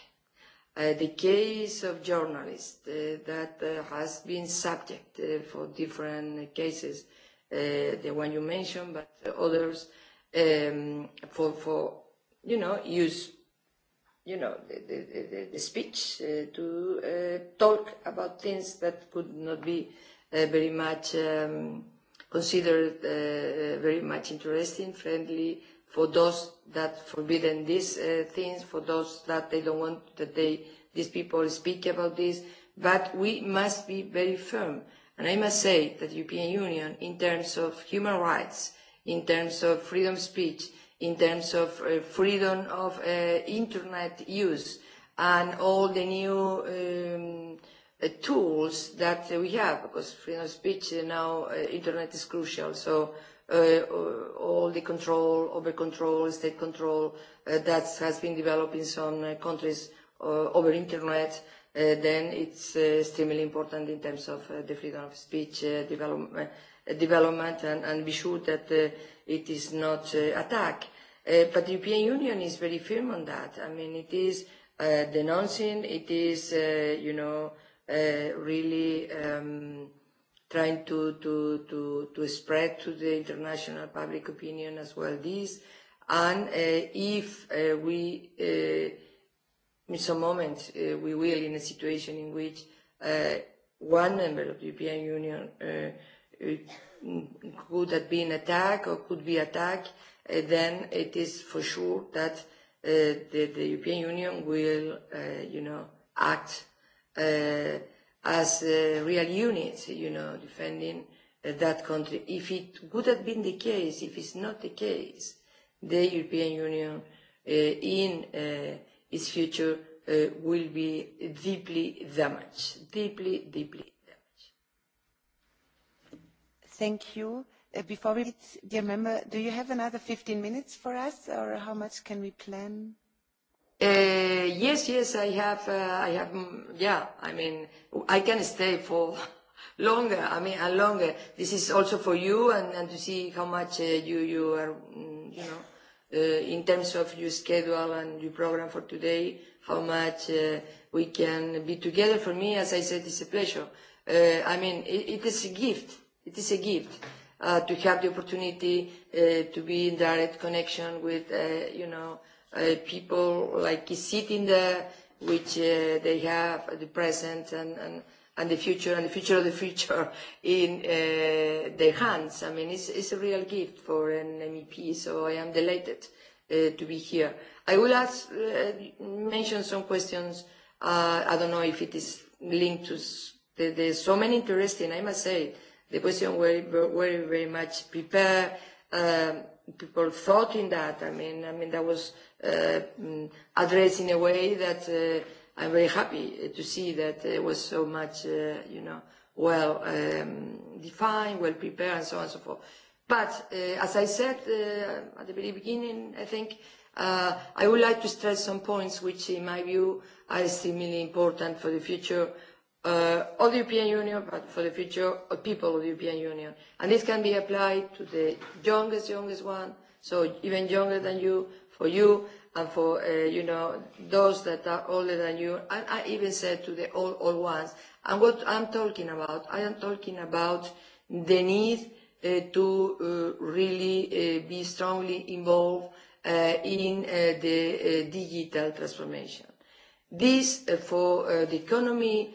Uh, the case of journalists uh, that uh, has been subject uh, for different cases, uh, the one you mentioned, but others, um, for, for, you know, use, you know, the, the, the speech uh, to uh, talk about things that could not be uh, very much um, considered uh, uh very much interesting, friendly, for those that forbidden these uh, things, for those that they don't want that they these people speak about this. But we must be very firm. And I must say that the European Union, in terms of human rights, in terms of freedom of speech, in terms of uh, freedom of uh, internet use, and all the new um, uh, tools that we have, because freedom of speech uh, now uh, internet is crucial. So Uh, all the control, over control, state control uh, that has been developed in some uh, countries over internet, then it's extremely important in terms of the freedom of speech development, development and, and be sure that it is not attacked. But the European Union is very firm on that. I mean, it is denouncing, it is, you know, really um, trying to, to, to, to spread to the international public opinion as well this. And uh, if uh, we, uh, in some moments, uh, we will in a situation in which uh, one member of the European Union uh, uh could have been attacked or could be attacked, uh, then it is for sure that uh, the, the European Union will, uh, you know, act uh, as uh, real units, you know, defending uh, that country. If it would have been the case, if it's not the case, the European Union uh, in uh, its future uh, will be deeply damaged, deeply, deeply damaged. Thank you. Uh, before we, dear member, do you have another 15 minutes for us, or how much can we plan? Uh, yes, yes, I have, uh, I have, mm, yeah, I mean, I can stay for longer, I mean, and longer. This is also for you and, and to see how much uh, you, you are, mm, you know, uh, in terms of your schedule and your program for today, how much uh, we can be together. For me, as I said, it's a pleasure. Uh, I mean, it, it is a gift. It is a gift uh, to have the opportunity uh, to be in direct connection with, uh, you know, uh, people like sitting there, which uh, they have the present and, and, and the future and the future of the future in uh, their hands. I mean, it's, it's a real gift for an MEP, so I am delighted uh, to be here. I will ask, uh, mention some questions. Uh, I don't know if it is linked to the, so many interesting, I must say, the question were very, very much prepared. Um, people thought in that. I mean, I mean that was uh, mm, addressed in a way that uh, I'm very happy uh, to see that it was so much, uh, you know, well um, defined, well prepared, and so on and so forth. But uh, as I said uh, at the very beginning, I think uh, I would like to stress some points which, in my view, are extremely important for the future uh, of the European Union, but for the future, of uh, people of the European Union. And this can be applied to the youngest, youngest one, so even younger than you, for you, and for, uh, you know, those that are older than you, and I even said to the old, old ones. And what I'm talking about, I am talking about the need uh, to uh, really uh, be strongly involved uh, in uh, the uh, digital transformation. This, uh, for uh, the economy,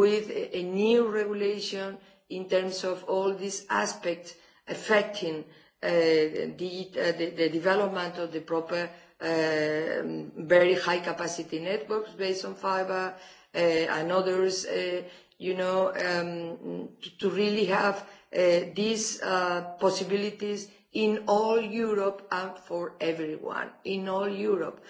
with a new regulation in terms of all these aspects affecting uh, uh, the, development of the proper uh, very high capacity networks based on fiber and others, you know, um, to really have these possibilities in all Europe and for everyone in all Europe.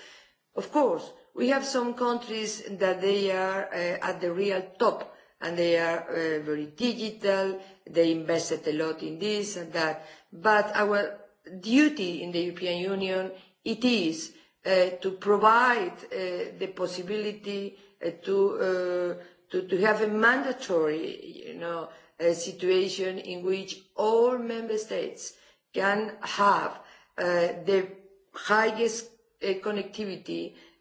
Of course, We have some countries that they are uh, at the real top and they are uh, very digital, they invested a lot in this and that. But our duty in the European Union, it is uh, to provide the possibility to, to, have a mandatory you know, situation in which all member states can have the highest connectivity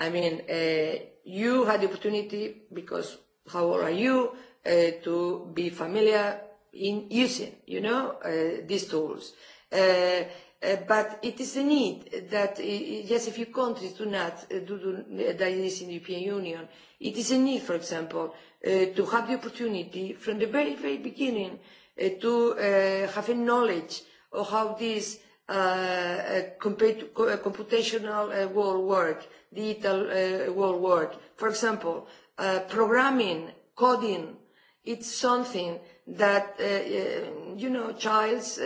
i mean, uh, you had the opportunity, because how old are you, uh, to be familiar in using, you know, uh, these tools. Uh, Uh, but it is a need that uh, yes if few countries do not uh, do, do uh, that is in the european union it is a need for example uh, to have the opportunity from the very very beginning uh, to have a knowledge of how this Uh, uh, computational uh, world work, digital world work. For example, programming, coding, it's something that you know child's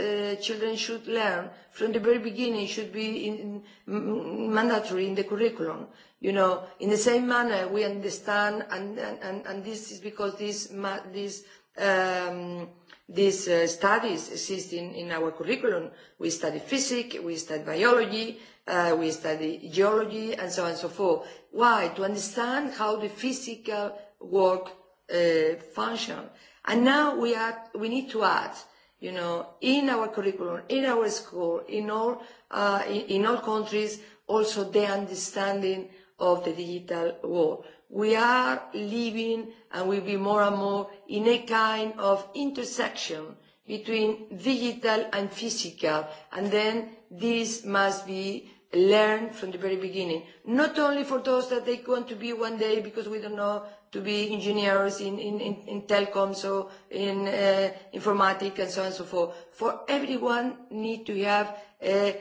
children should learn from the very beginning should be mandatory in the curriculum you know in the same manner we understand and and, and this is because this this um, these uh, studies exist in, in our curriculum. We study physics, we study biology, uh, we study geology, and so on and so forth. Why? To understand how the physical work uh, function. And now we, are, we need to add, you know, in our curriculum, in our school, in all, uh, in, in all countries, also the understanding of the digital world. We are living and will be more and more in a kind of intersection between digital and physical, and then this must be learned from the very beginning, not only for those that they want to be one day because we don't know to be engineers in, in, in, in telecoms or in uh, informatics and so on and so forth. For everyone need to have a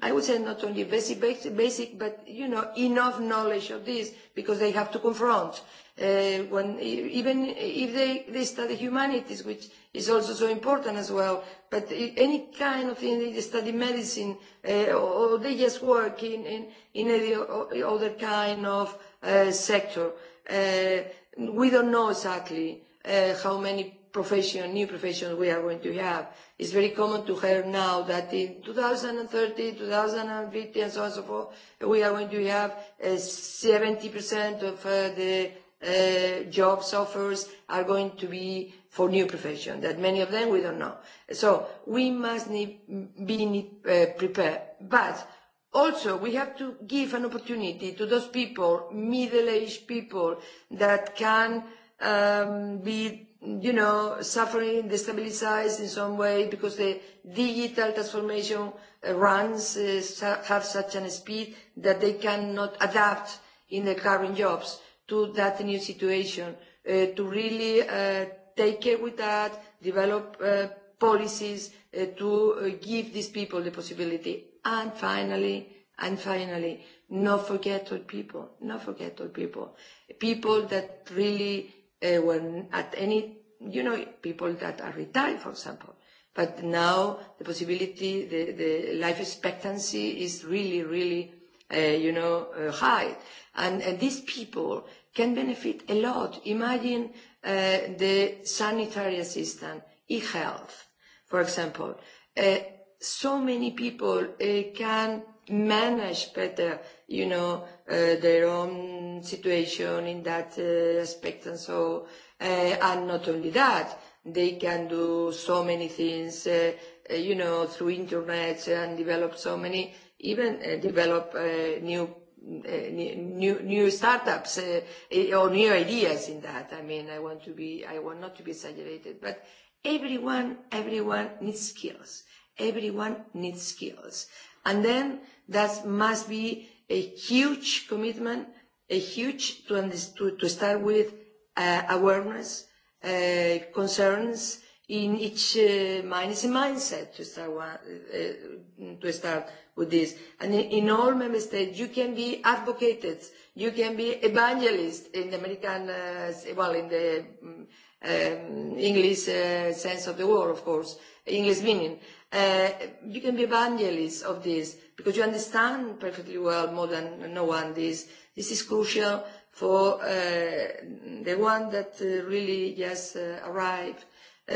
i would say not only basic, basic, basic, but you know enough knowledge of this because they have to confront. Uh, when e, even if they, they study humanities, which is also so important as well, but any kind of thing they study medicine uh, or they just work in in, in any other kind of uh, sector. Uh, we don't know exactly uh, how many profession, new profession we are going to have. It's very common to hear now that in 2030, 2050, and so on and so forth, we are going to have uh, 70% of uh, the uh, jobs offers are going to be for new profession, that many of them we don't know. So we must need, be need, uh, prepared. But also we have to give an opportunity to those people, middle-aged people, that can um, be you know, suffering, destabilized in some way because the digital transformation runs uh, have such a speed that they cannot adapt in the current jobs to that new situation, uh, to really uh, take care with that, develop uh, policies to give these people the possibility. And finally, and finally, not forget all people, not forget all people, people that really uh, when at any, you know, people that are retired, for example. But now the possibility, the, the life expectancy is really, really, uh, you know, uh, high. And, and these people can benefit a lot. Imagine uh, the sanitary assistant, e-health, for example. Uh, so many people uh, can manage better, you know, Uh, their own situation in that uh, aspect and so uh, and not only that they can do so many things uh, uh you know through internet and develop so many even uh, develop uh, new uh, new new startups uh, or new ideas in that i mean i want to be i want not to be exaggerated but everyone everyone needs skills everyone needs skills and then that must be a huge commitment, a huge to, to, to start with uh, awareness, uh, concerns in each uh, mind a mindset to start one, uh, to start with this. And in, in all member states, you can be advocated, you can be evangelists in the American, uh, well, in the um, English uh, sense of the word, of course, English meaning Uh, you can be evangelists of this because you understand perfectly well more than no one this. This is crucial for uh, the one that uh, really just uh, arrived, uh,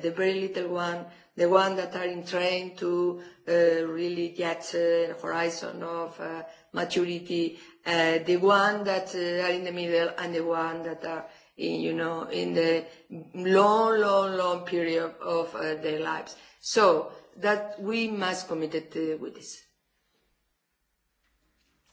the very little one, the one that are in train to uh, really get uh, a horizon of uh, maturity, uh, the one that uh, are in the middle and the one that are in, you know, in the long, long, long period of uh, their lives. So that we must commit uh, with this.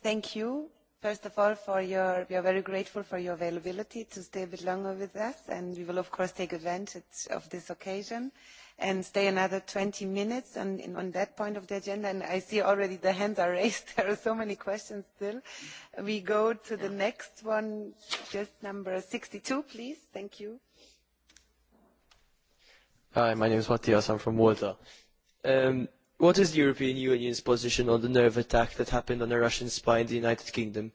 Thank you. First of all, for your, we are very grateful for your availability to stay a bit longer with us, and we will of course take advantage of this occasion and stay another 20 minutes on on that point of the agenda. And I see already the hands are raised. There are so many questions still. We go to the next one, just number 62, please. Thank you. Hi, my name is Matthias. I'm from Malta. Um, what is the European Union's position on the nerve attack that happened on a Russian spy in the United Kingdom?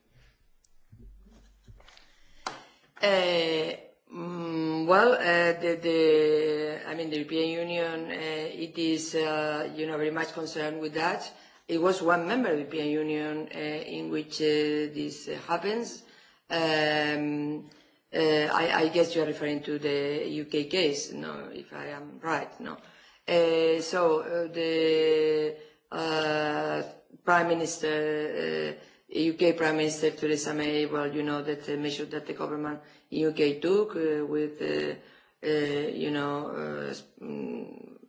Uh, mm, well, uh, the, the, I mean, the European Union, uh, it is, uh, you know, very much concerned with that. It was one member of the European Union uh, in which uh, this happens. Um, Uh, I, I guess you are referring to the U.K. case, no, if I am right, no. Uh, so uh, the Prime Minister, U.K. Prime Minister Theresa May, well, you know that the measure that the government in U.K. took with, you know,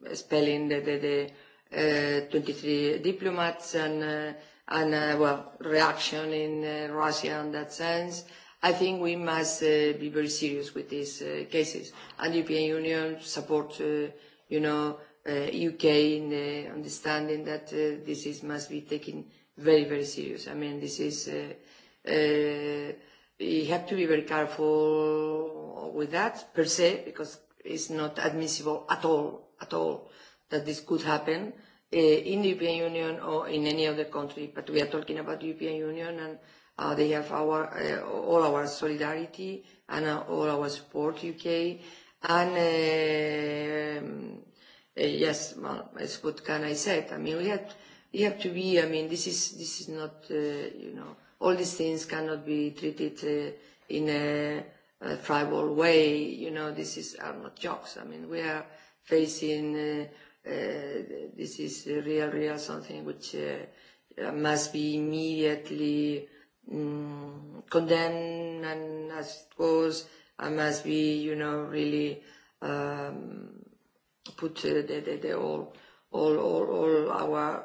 expelling the, the, the 23 diplomats and, and well, reaction in Russia in that sense, i think we must uh, be very serious with these uh, cases. And the European Union supports, uh, you know, uh, UK in the understanding that uh, this is must be taken very, very serious. I mean, this is, uh, uh, you have to be very careful with that per se, because it's not admissible at all, at all, that this could happen uh, in the European Union or in any other country. But we are talking about the European Union and Uh, they have our, uh, all our solidarity and uh, all our support, UK. And uh, um, uh, yes, well, as what can I say? I mean, we have, we have to be, I mean, this is, this is not, uh, you know, all these things cannot be treated uh, in a, a tribal way. You know, this is, are not jokes. I mean, we are facing, uh, uh, this is real, real something which uh, must be immediately mm condemned and as it goes must be, you know, really um, put uh, the, the, the all, all, all, all our,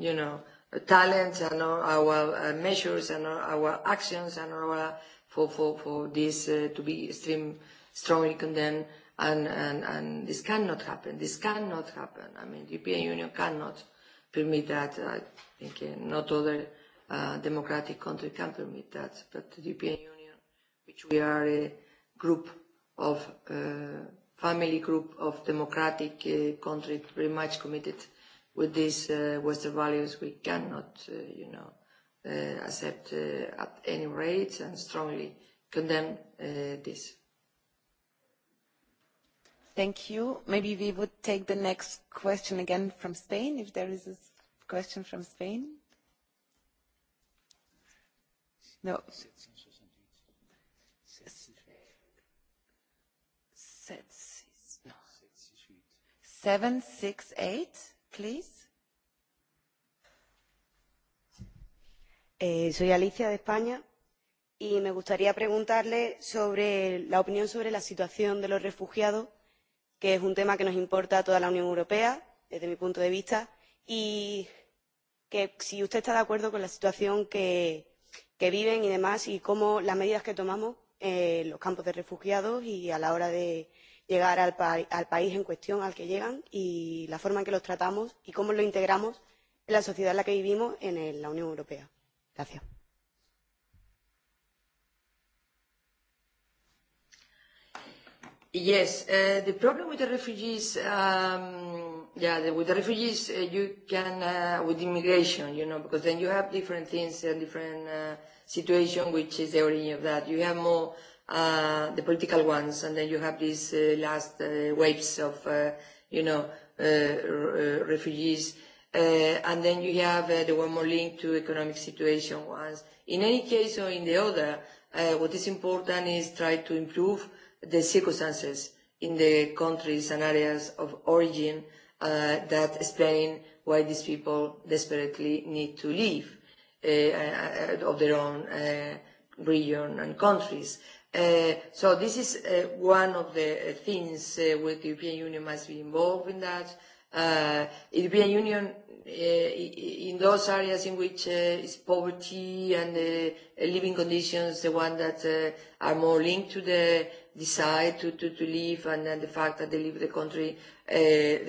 you know, talents and all our uh, measures and all our actions and our for, for, for this uh, to be extreme, strongly condemned and, and, and this cannot happen. This cannot happen. I mean, the European Union cannot permit that. I think uh, not other Uh, democratic country can permit that. But the European Union, which we are a group of uh, family group of democratic uh, countries very much committed with these uh, Western values, we cannot, uh, you know, uh, accept uh, at any rate and strongly condemn uh, this. Thank you. Maybe we would take the next question again from Spain, if there is a question from Spain. No. 768, please. Eh, soy Alicia de España y me gustaría preguntarle sobre la opinión sobre la situación de los refugiados, que es un tema que nos importa a toda la Unión Europea, desde mi punto de vista, y que si usted está de acuerdo con la situación que que viven y demás y cómo las medidas que tomamos en eh, los campos de refugiados y a la hora de llegar pa-, al, país en cuestión al que llegan y la forma en que los tratamos y cómo los integramos en la sociedad en la que vivimos en la Unión Europea. Gracias. Yes, eh, the problem with refugees um, yeah, the, with the refugees, uh, you can, uh, with immigration, you know, because then you have different things and different uh, situation, which is the origin of that. You have more uh, the political ones, and then you have these uh, last uh, waves of, uh, you know, uh, r- uh, refugees. Uh, and then you have uh, the one more linked to economic situation ones. In any case or in the other, uh, what is important is try to improve the circumstances in the countries and areas of origin uh, that explain why these people desperately need to leave uh, uh, of their own uh, region and countries. Uh, so this is uh, one of the uh, things uh, where the European Union must be involved in that. Uh, European Union uh, in those areas in which uh, is poverty and uh, living conditions, the one that uh, are more linked to the decide to, to, to leave and then the fact that they leave the country, uh,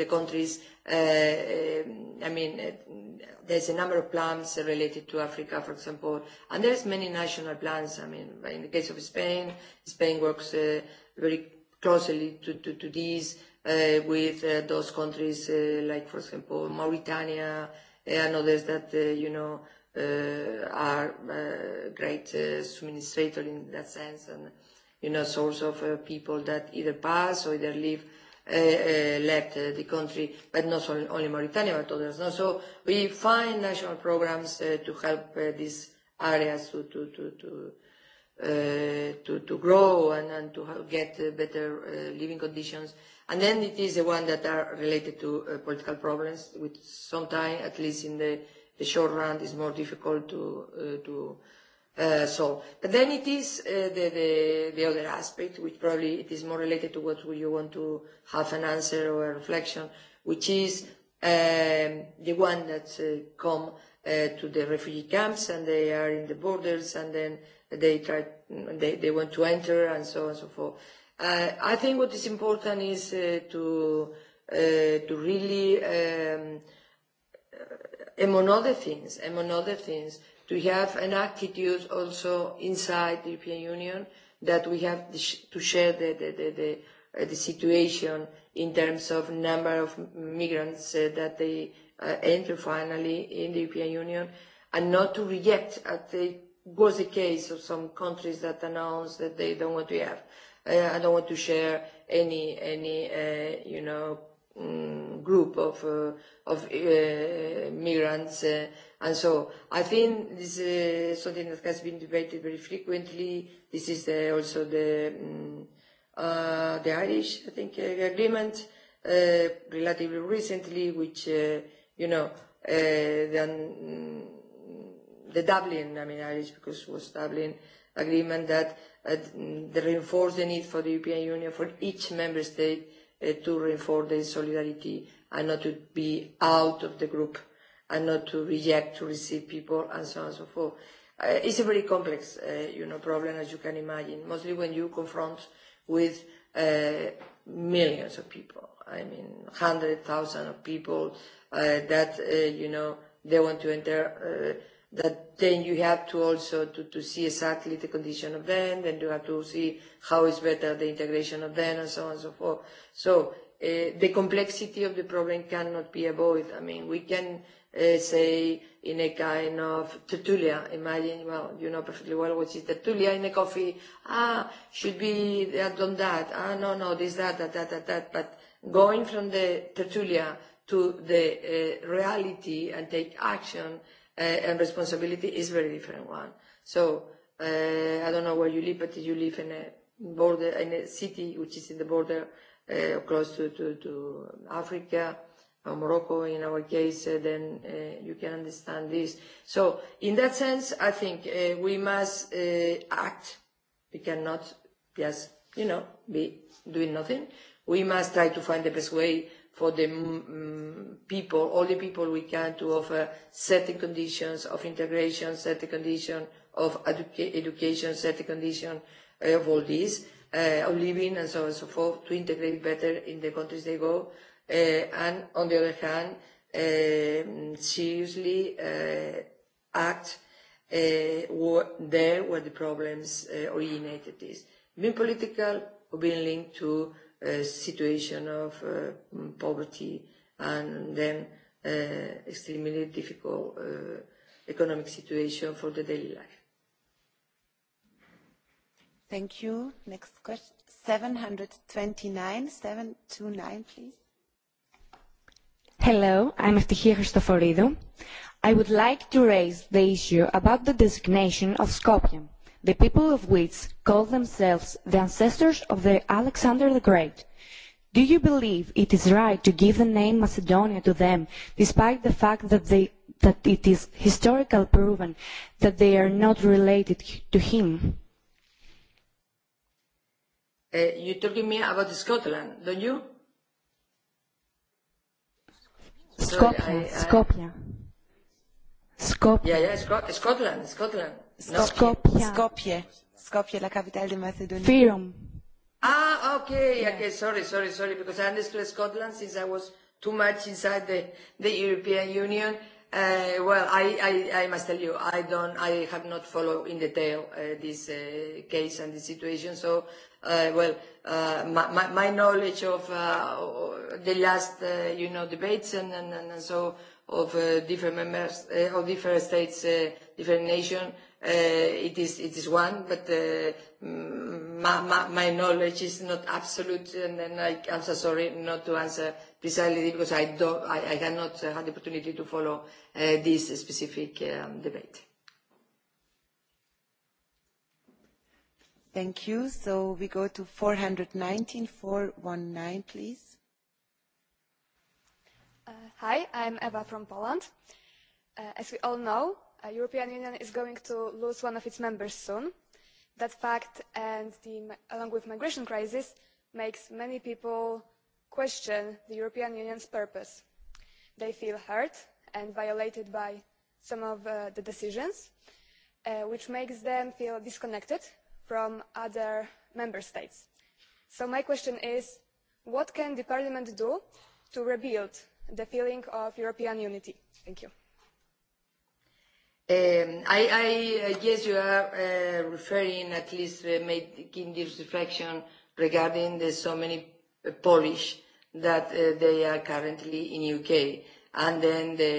the countries, uh, um, I mean, uh, there's a number of plans related to Africa, for example, and there's many national plans. I mean, in the case of Spain, Spain works uh, very closely to, to, to these uh, with uh, those countries uh, like, for example, Mauritania uh, and others that, uh, you know, uh, are uh, great uh, administrator in that sense. And, you know, source of uh, people that either pass or either leave, uh, uh, left uh, the country, but not only, only Mauritania, but others. No? So we find national programs uh, to help uh, these areas to, to, to, to, uh, to, to grow and, and to get uh, better uh, living conditions. And then it is the one that are related to uh, political problems, which sometimes, at least in the, the short run, is more difficult to, uh, to Uh, so, but then it is uh, the, the, the other aspect, which probably it is more related to what you want to have an answer or a reflection, which is um, the one that uh, come to the refugee camps and they are in the borders and then they try, they, want to enter and so on and so forth. I think what is important is to, to really, um, among other things, among other things, to have an attitude also inside the European Union that we have to share the, the, the, the, uh, the situation in terms of number of migrants uh, that they uh, enter finally in the European Union and not to reject at the was the case of some countries that announced that they don't want to have. Uh, I don't want to share any, any uh, you know, um, group of, uh, of uh, migrants uh, And so I think this is uh, something that has been debated very frequently. This is the, also the, mm, uh, the Irish, I think, uh, agreement uh, relatively recently, which, uh, you know, uh, then mm, the Dublin, I mean, Irish because it was Dublin agreement that uh, reinforced the need for the European Union for each member state uh, to reinforce their solidarity and not to be out of the group and not to reject to receive people and so on and so forth. Uh, it's a very complex uh, you know, problem, as you can imagine, mostly when you confront with uh, millions of people. I mean, hundred of people uh, that, uh, you know, they want to enter, uh, that then you have to also to, to see exactly the condition of them, then you have to see how is better the integration of them and so on and so forth. So uh, the complexity of the problem cannot be avoided. I mean, we can say, in a kind of tertulia. Imagine, well, you know perfectly well what is tertulia in a coffee. Ah, should be that, done that. Ah, no, no, this, that, that, that, that, that. But going from the tertulia to the uh, reality and take action uh, and responsibility is a very different one. So, uh, I don't know where you live, but you live in a border, in a city which is in the border uh, close to, to, to Africa Uh, Morocco in our case, uh, then uh, you can understand this. So in that sense, I think uh, we must uh, act. We cannot just, you know, be doing nothing. We must try to find the best way for the mm, people, all the people we can to offer certain conditions of integration, certain condition of education, certain condition of all this, uh, of living and so on and so forth, to integrate better in the countries they go Eh, and on the other hand eh, seriously uh, act there where the problems originated is being political or being linked to a situation of poverty and then extremely difficult economic situation for the daily life. Thank you. Next question. 729, 729, please. Hello, I'm Estigia Christoforidou. I would like to raise the issue about the designation of Skopje, the people of which call themselves the ancestors of the Alexander the Great. Do you believe it is right to give the name Macedonia to them, despite the fact that, they, that it is historically proven that they are not related to him? Uh, you're talking me about Scotland, don't you? Skopje. Skopje. Skopje. Yeah, yeah, Scotland, Scotland. Skopje. Skopje. Skopje, la capitale de Macedonia. Firum. Ah, okay, yeah. okay, sorry, sorry, sorry, because I understood Scotland since I was too much inside the, the European Union. Uh, well, I, I, I must tell you, I don't, I have not followed in detail uh, this uh, case and the situation. So, uh, well, Uh, my, my knowledge of uh, uh, the last, uh, you know, debates and, and, and so of uh, different members uh, of different states, uh, different nations, uh, it is it is one, but uh, my, my, my knowledge is not absolute, and, and I, I'm so sorry not to answer precisely because I don't, I, I have not had the opportunity to follow uh, this specific um, debate. Thank you. So we go to 419, 419, please. Uh, hi, I'm Eva from Poland. Uh, as we all know, the uh, European Union is going to lose one of its members soon. That fact, and the, along with migration crisis, makes many people question the European Union's purpose. They feel hurt and violated by some of the decisions, which makes them feel disconnected from other member states. so my question is what can the parliament do to rebuild the feeling of european unity? thank you. Um, I, I guess you are uh, referring, at least uh, making this reflection regarding the so many uh, Polish that uh, they are currently in UK, and then the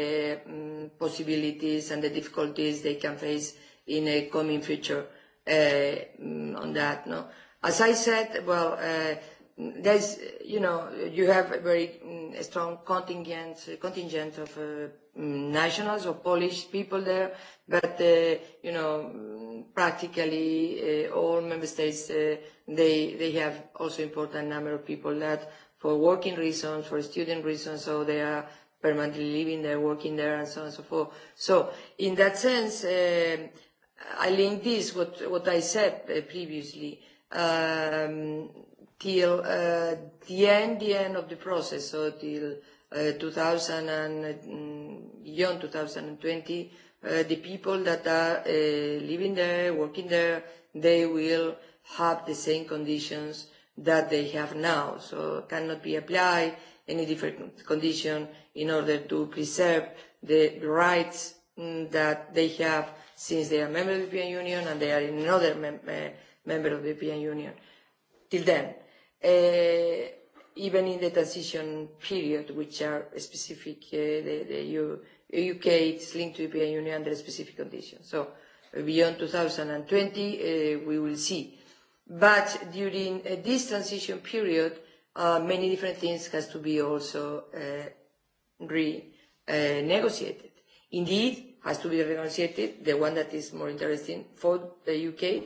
um, possibilities and the difficulties they can face in a coming future. Eh, mm, on that. No, as I said, well, eh, there's you know you have a very mm, strong contingent contingent of uh, nationals or Polish people there, but uh, you know practically uh, all member states uh, they they have also important number of people that for working reasons, for student reasons, so they are permanently living there, working there, and so on and so forth. So in that sense. I link this what what I said uh, previously um, till uh, the end the end of the process, so till uh, 2000 and mm, beyond 2020, uh, the people that are uh, living there, working there, they will have the same conditions that they have now. So cannot be applied any different condition in order to preserve the rights mm, that they have since they are member of the European Union and they are in another mem eh, member of the European Union. Till then, uh, even in the transition period, which are specific, uh, the, the EU, UK is linked to the European Union under specific conditions. So beyond 2020, uh, we will see. But during uh, this transition period, uh, many different things has to be also uh, renegotiated. Uh, Indeed, has to be renegotiated, the one that is more interesting for the UK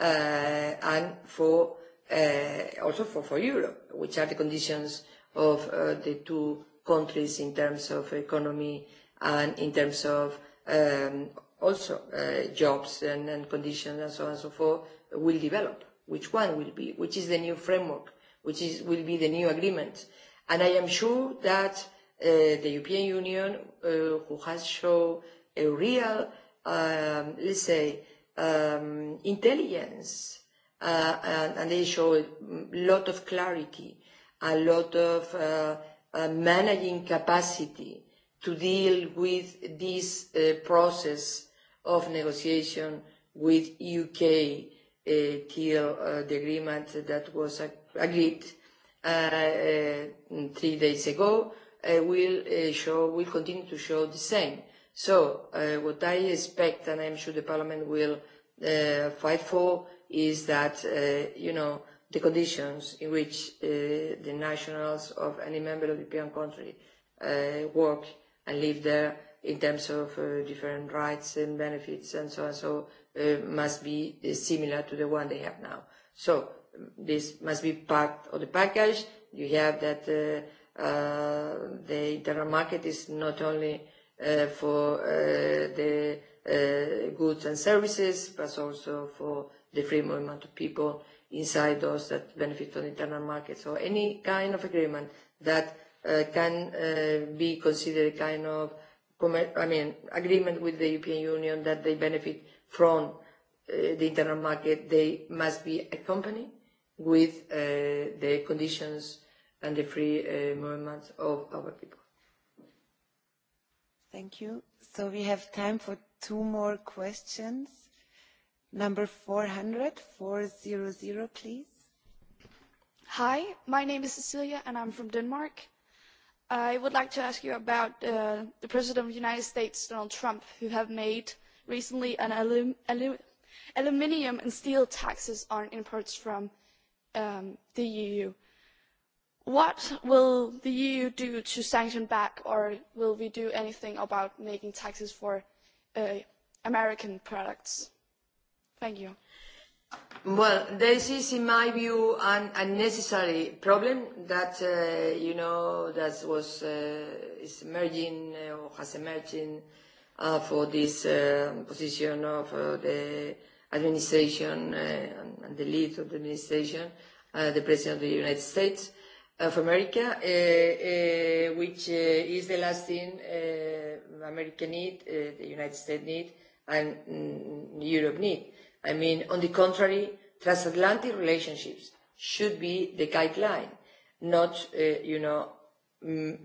uh, and for uh, also for, for Europe, which are the conditions of uh, the two countries in terms of economy and in terms of um, also uh, jobs and, and conditions and so on and so forth will develop. Which one will be? Which is the new framework? Which is, will be the new agreement? And I am sure that uh, the European Union, uh, who has shown a real, um, let's say, um, intelligence, uh, and, and they show a lot of clarity, a lot of uh, uh managing capacity to deal with this uh, process of negotiation with UK uh, till uh, the agreement that was agreed uh, three days ago will uh, show will continue to show the same So uh, what I expect, and I'm sure the Parliament will uh, fight for, is that, uh, you know, the conditions in which uh, the nationals of any member of the European country uh, work and live there in terms of uh, different rights and benefits and so on, so uh, must be uh, similar to the one they have now. So this must be part of the package. You have that uh, uh, the internal market is not only Uh, for uh, the uh, goods and services, but also for the free movement of people inside those that benefit from the internal market. So any kind of agreement that can be considered a kind of, I mean, agreement with the European Union that they benefit from the internal market, they must be accompanied with the conditions and the free movement of our people. Thank you. So we have time for two more questions. Number 400, 400, please. Hi, my name is Cecilia and I'm from Denmark. I would like to ask you about uh, the President of the United States, Donald Trump, who have made recently an alum, alum, aluminium and steel taxes on imports from um, the EU What will the EU do to sanction back, or will we do anything about making taxes for uh, American products? Thank you. Well, this is, in my view, an unnecessary problem that, uh, you know, that was, uh, is emerging or has emerged uh, for this position of the administration and the lead of the administration, the President of the United States of America, uh, uh, which uh, is the last thing uh, America need, the United States need, and mm, Europe need. I mean, on the contrary, transatlantic relationships should be the guideline, not, you know, mm,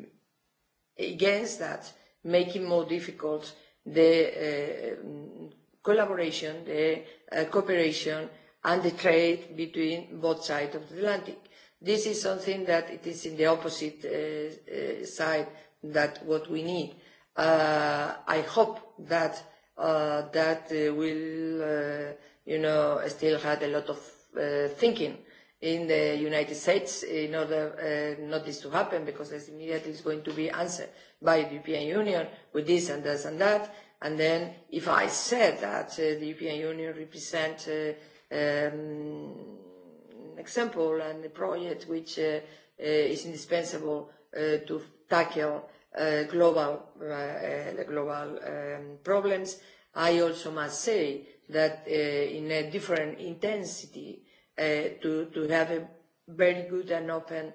against that, making more difficult the collaboration, the cooperation, and the trade between both sides of the Atlantic This is something that it is in the opposite uh, uh, side that what we need. Uh, I hope that uh, that uh, will, uh, you know, still had a lot of uh, thinking in the United States in order uh, not this to happen because this immediately is going to be answered by the European Union with this and this and that. And then if I said that uh, the European Union represents uh, um, example and a project which uh, uh is indispensable uh, to tackle uh, global, the global um, problems. I also must say that in a different intensity to, to have a very good and open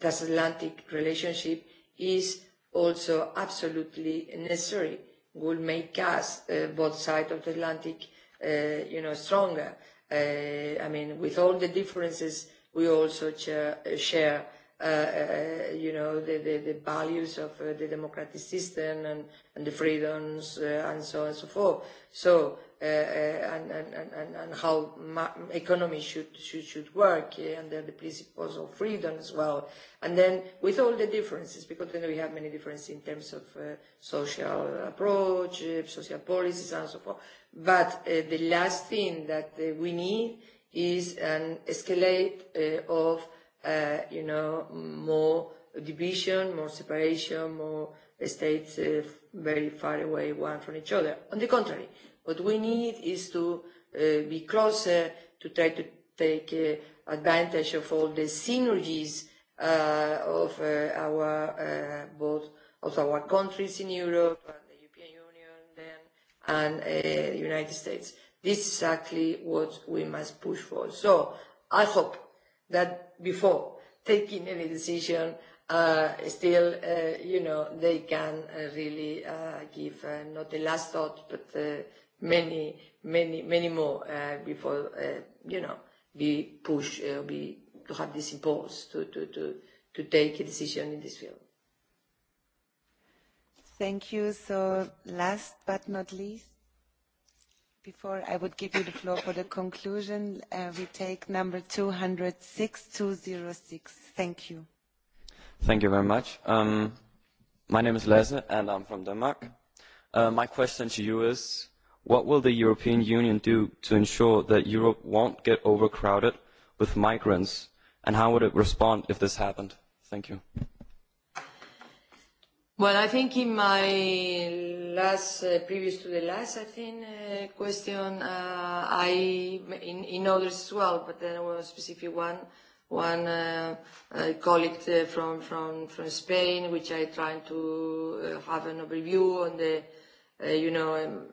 transatlantic relationship is also absolutely necessary will make us, uh, both sides of the Atlantic, uh, you know, stronger. Uh, I mean, with all the differences, we also uh, share, uh, you know, the, the, the values of the democratic system and, and the freedoms and so on and so forth. So Uh, uh, and, and, and, and how economy should, should, should work uh, under the principles of freedom as well. And then with all the differences, because then we have many differences in terms of uh, social approach, uh, social policies and so forth. But uh, the last thing that uh, we need is an escalate uh, of, uh, you know, more division, more separation, more states uh, very far away one from each other. On the contrary, What we need is to uh, be closer to try to take uh, advantage of all the synergies uh, of our both of our countries in Europe, and the European Union, then, and the United States. This is exactly what we must push for. So I hope that before taking any decision, still, you know, they can really give not the last thought, but uh, many, many, many more uh, before, uh, you know, be pushed, uh, be, to have this impulse to, to, to, to take a decision in this field. Thank you. So last but not least, before I would give you the floor for the conclusion, uh, we take number 206206. Thank you. Thank you very much. Um, my name is Leze and I'm from Denmark. Uh, my question to you is, What will the European Union do to ensure that Europe won't get overcrowded with migrants, and how would it respond if this happened? Thank you. Well, I think in my last, uh, previous to the last, I think, uh, question, uh, I, in, in others as well, but there was a specific one, one uh, uh, colleague from, from, from Spain, which I tried to have an overview on the, you know, um,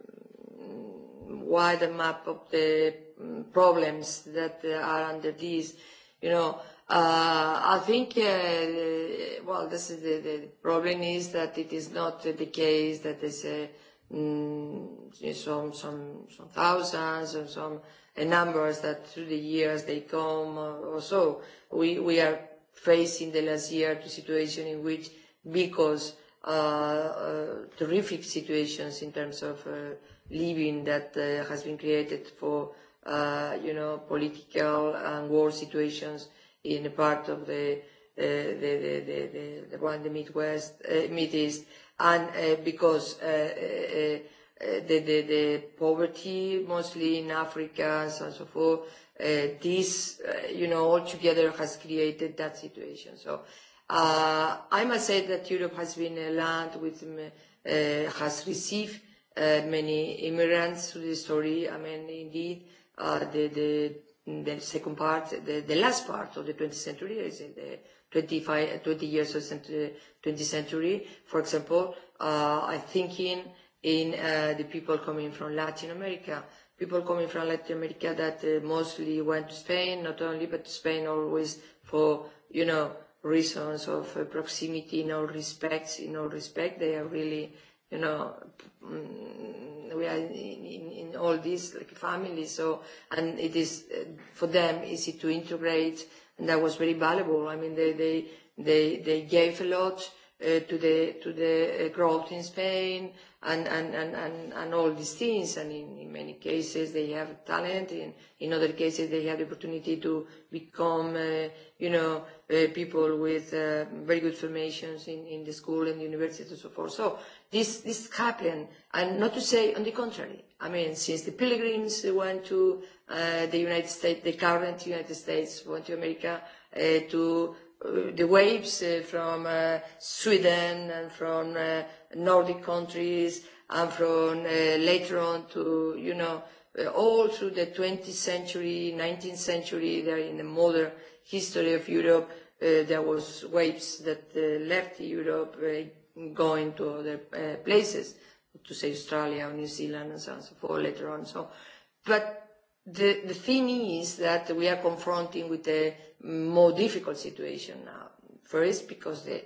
wider map of the mm, problems that uh, are under these, you know, uh, I think, uh, well, this is the, the problem is that it is not the case that there's a, mm, some, some, some thousands or some uh, numbers that through the years they come uh, or, so. We, we are facing the last year the situation in which because uh, uh, terrific situations in terms of uh, living that uh, has been created for uh, you know political and war situations in a part of the uh, the, the, the, the, the one the Midwest uh, Mid East and uh, because uh, uh, uh the, the, the poverty mostly in Africa and so and so forth uh, this uh, you know all together has created that situation so uh, I must say that Europe has been a land with uh, has received uh, many immigrants to the story. I mean, indeed, uh, the, the, the second part, the, the last part of the 20th century is in the 25, 20 uh, years of the uh, 20th century. For example, uh, I thinking in, in uh, the people coming from Latin America, people coming from Latin America that uh, mostly went to Spain, not only, but to Spain always for, you know, reasons of uh, proximity in all respects, in all respect, they are really you know mm, we are in, in, in all these like families so and it is uh, for them easy to integrate and that was very valuable i mean they they they, they gave a lot uh, to the to the uh, growth in spain and and, and, and, and all these things and in, in many cases they have talent in in other cases they have the opportunity to become uh, you know, uh, people with uh, very good formations in, in the school and university and so forth. So this, this happened, and not to say on the contrary. I mean, since the pilgrims went to uh, the United States, the current United States went to America, uh, to uh, the waves uh, from uh, Sweden and from uh, Nordic countries and from uh, later on to, you know, uh, all through the 20th century, 19th century, they're in the modern history of Europe, uh, there was waves that uh, left Europe uh, going to other uh, places, to say Australia or New Zealand and so on so forth later on. So, but the, the thing is that we are confronting with a more difficult situation now. First, because the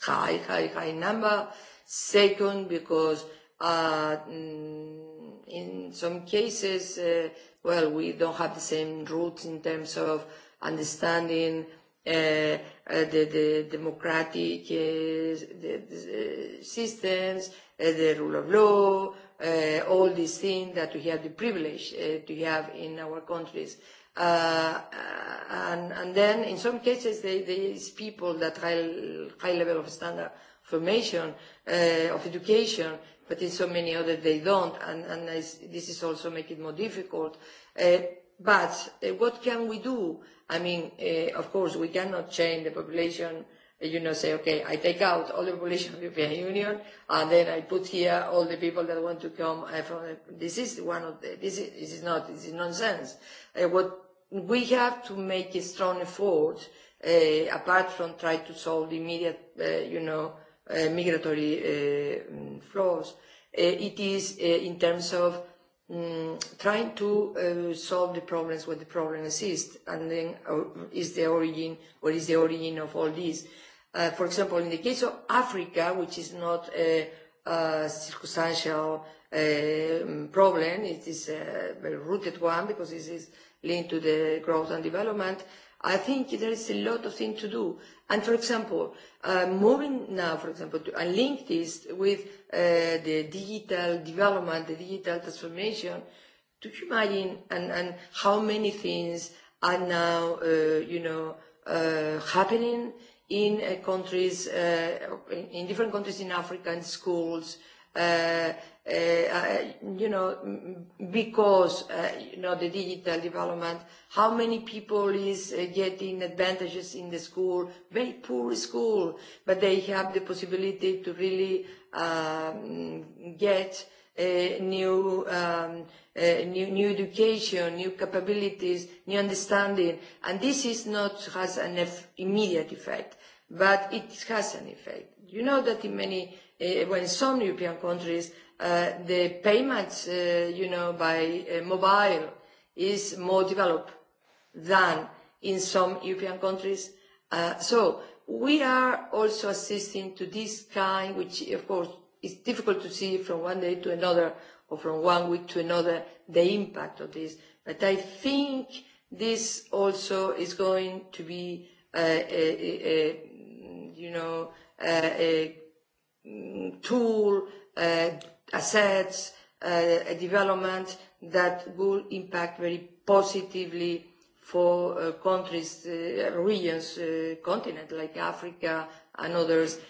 high, high, high number. Second, because uh, mm, in some cases, uh, well, we don't have the same roots in terms of understanding uh, uh, the, the democratic uh, the, uh, systems, uh, the rule of law, uh, all these things that we have the privilege uh, to have in our countries. Uh, uh and, and then in some cases there is people that high, high level of standard formation, uh, of education, but in so many others they don't, and, and this is also making it more difficult. Uh, but what can we do? I mean, uh, of course, we cannot change the population, eh, you know, say, okay, I take out all the population of the European Union, and then I put here all the people that want to come eh, from, the, this is one of the, this is, this is not, this is nonsense. Uh, what we have to make a strong effort, uh, apart from trying to solve the immediate, uh, you know, uh, migratory uh, flows, uh, it is uh, in terms of Mm, trying to uh, solve the problems where the problem exists and then uh, is the origin what is the origin of all this. Uh, for example, in the case of Africa, which is not a, a circumstantial uh, problem, it is a very rooted one because it is linked to the growth and development. I think there is a lot of things to do. And for example, uh, moving now, for example, to, and link this with uh, the digital development, the digital transformation, to imagine and, and how many things are now, uh, you know, uh, happening in uh, countries, uh, in, in different countries in Africa, in schools, uh, Uh, uh, you know, because, uh, you know, the digital development, how many people is uh, getting advantages in the school, very poor school, but they have the possibility to really um, get uh, new, um, uh, new, new education, new capabilities, new understanding. And this is not, has an immediate effect, but it has an effect. You know that in many Eh, when some European countries eh, the payments eh, you know by mobile is more developed than in some European countries. So we are also assisting to this kind, which of course is difficult to see from one day to another or from one week to another, the impact of this. But I think this also is going to be, a, you know, a Mm, tool, uh, assets, uh, a development that will impact very positively for uh, countries, uh, regions, uh, continent like Africa and others. Uh,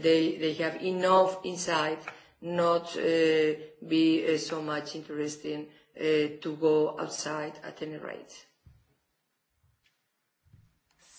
they, they have enough insight not uh, be uh, so much interesting uh, to go outside at any rate.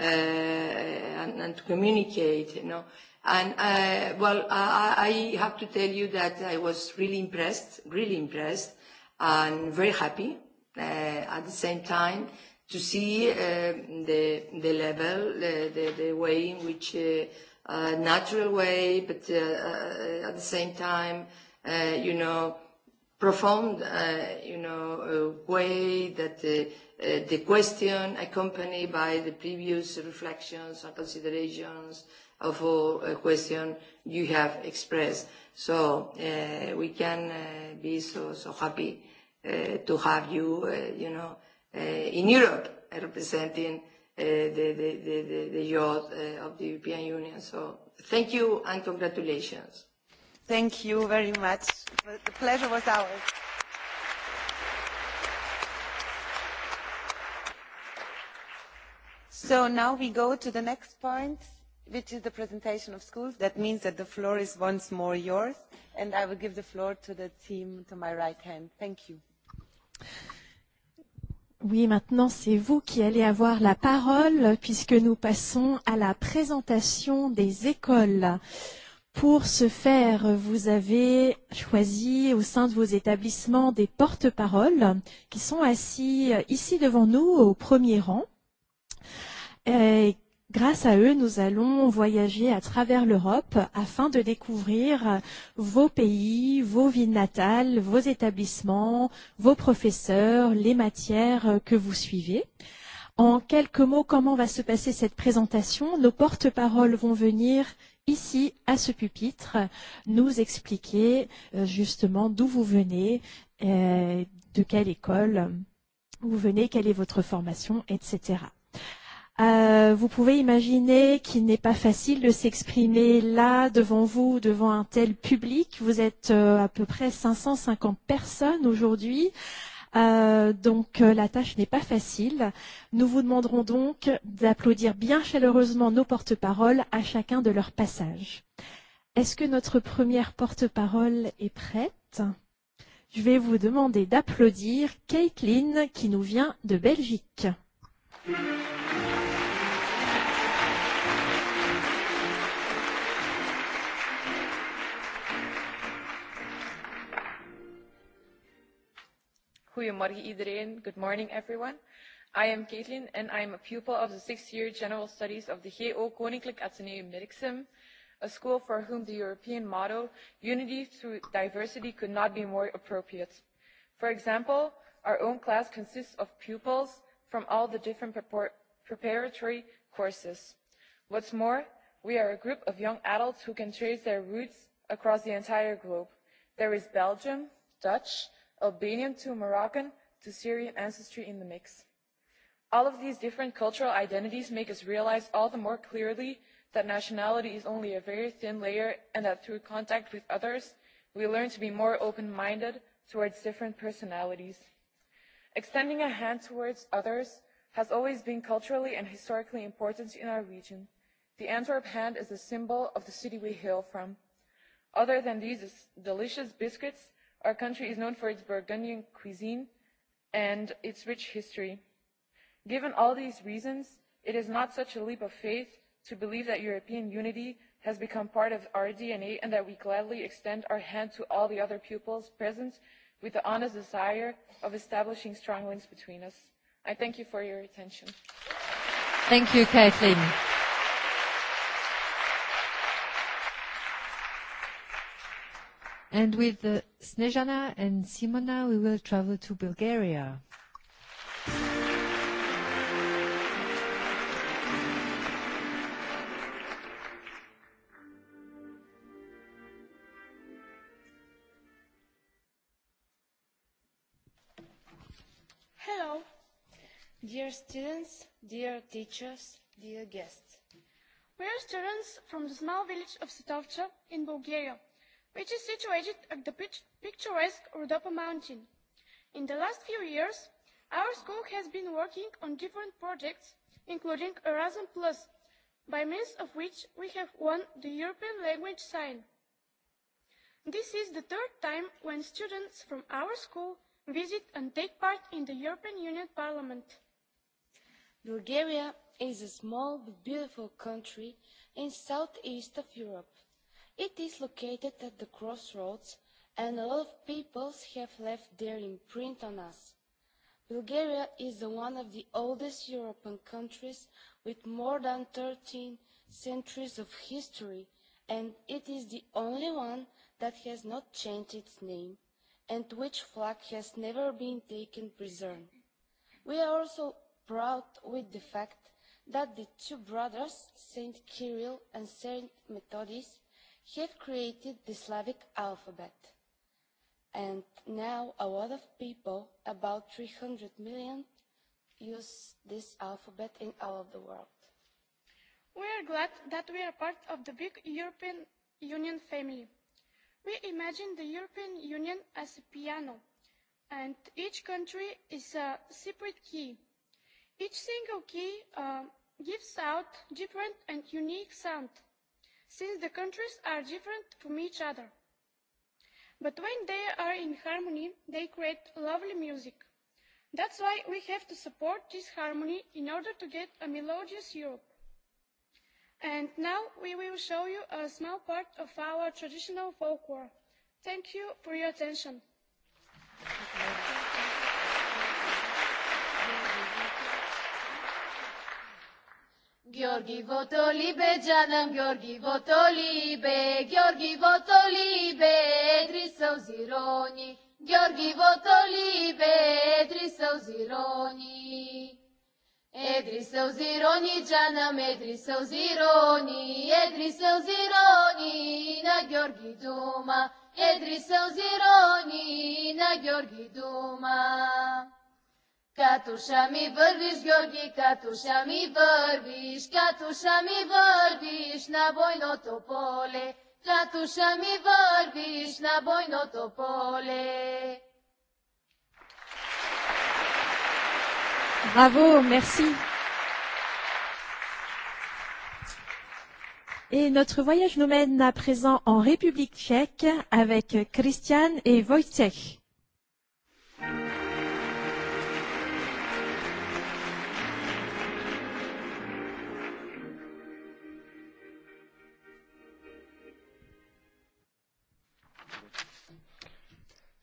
uh, and, and to communicate, you know. And uh, well, I, I have to tell you that I was really impressed, really impressed, and very happy uh, at the same time to see uh, the, the level, the, the, the way in which uh, uh, natural way, but uh, uh, at the same time, uh, you know, profound, uh, you know, uh, way that the, uh, the question accompanied by the previous reflections and considerations of all uh, question you have expressed. So uh, we can uh, be so, so happy uh, to have you, uh, you know, uh, in Europe uh, representing uh, the, the, the, the, the youth of the European Union. So thank you and congratulations. Thank you very much. The pleasure was ours. So now we go to the next point, which is the presentation of schools. That means that the floor is once more yours, and I will give the floor to the team to my right hand. Thank you. Oui, maintenant c'est vous qui allez avoir la parole puisque nous passons à la présentation des écoles. Pour ce faire, vous avez choisi au sein de vos établissements des porte-paroles qui sont assis euh, ici devant nous au premier rang. Et grâce à eux, nous allons voyager à travers l'Europe afin de découvrir euh, vos pays, vos villes natales, vos établissements, vos professeurs, les matières euh, que vous suivez. En quelques mots, comment va se passer cette présentation Nos porte-paroles vont venir ici, à ce pupitre, nous expliquer euh, justement d'où vous venez, euh, de quelle école vous venez, quelle est votre formation, etc. Euh, vous pouvez imaginer qu'il n'est pas facile de s'exprimer là, devant vous, devant un tel public. Vous êtes euh, à peu près 550 personnes aujourd'hui Euh, donc euh, la tâche n'est pas facile. Nous vous demanderons donc d'applaudir bien chaleureusement nos porte-paroles à chacun de leur passage. Est-ce que notre première porte-parole est prête Je vais vous demander d'applaudir Caitlin qui nous vient de Belgique. Goedemorgen iedereen. Good morning everyone. I am Caitlin and I am a pupil of the sixth year General Studies of the GO Koninklijk Atheneum Merksem, a school for whom the European motto, unity through diversity, could not be more appropriate. For example, our own class consists of pupils from all the different preparatory courses. What's more, we are a group of young adults who can trace their roots across the entire globe. There is Belgium, Dutch, albanian to moroccan to syrian ancestry in the mix. all of these different cultural identities make us realize all the more clearly that nationality is only a very thin layer and that through contact with others we learn to be more open minded towards different personalities. extending a hand towards others has always been culturally and historically important in our region. the antwerp hand is a symbol of the city we hail from. other than these delicious biscuits our country is known for its burgundian cuisine and its rich history. given all these reasons it is not such a leap of faith to believe that european unity has become part of our dna and that we gladly extend our hand to all the other pupils present with the honest desire of establishing strong links between us. i thank you for your attention. thank you kathleen. and with the Snežana and Simona, we will travel to Bulgaria. Hello, dear students, dear teachers, dear guests. We are students from the small village of Sitovce in Bulgaria which is situated at the picturesque Rhodope mountain. In the last few years, our school has been working on different projects, including Erasmus Plus, by means of which we have won the European language sign. This is the third time when students from our school visit and take part in the European Union Parliament. Bulgaria is a small but beautiful country in southeast of Europe It is located at the crossroads and a lot of peoples have left their imprint on us. Bulgaria is one of the oldest European countries with more than 13 centuries of history and it is the only one that has not changed its name and which flag has never been taken preserved. We are also proud with the fact that the two brothers, Saint Kirill and Saint Methodis, have created the Slavic alphabet. And now a lot of people, about 300 million, use this alphabet in all of the world. We are glad that we are part of the big European Union family. We imagine the European Union as a piano, and each country is a separate key. Each single key uh, gives out different and unique sound since the countries are different from each other. But when they are in harmony, they create lovely music. That's why we have to support this harmony in order to get a melodious Europe. And now we will show you a small part of our traditional folklore. Thank you for your attention. Giorgi Botoli be Janam Giorgi Botoli be Giorgi Botoli be Edris al-Zironi Giorgi Botoli be Edris al-Zironi Edris zironi janam Edris al-Zironi Edris zironi na Giorgi Duma, Edri al-Zironi na Giorgi Duma. Katuša mi vrviš, Georgi, katuša mi vrviš, katuša mi vrviš na bojno to pole, katuša mi vrviš na bojno to pole. Bravo, merci. Et notre voyage nous mène à présent en République tchèque avec Christian et Wojciech.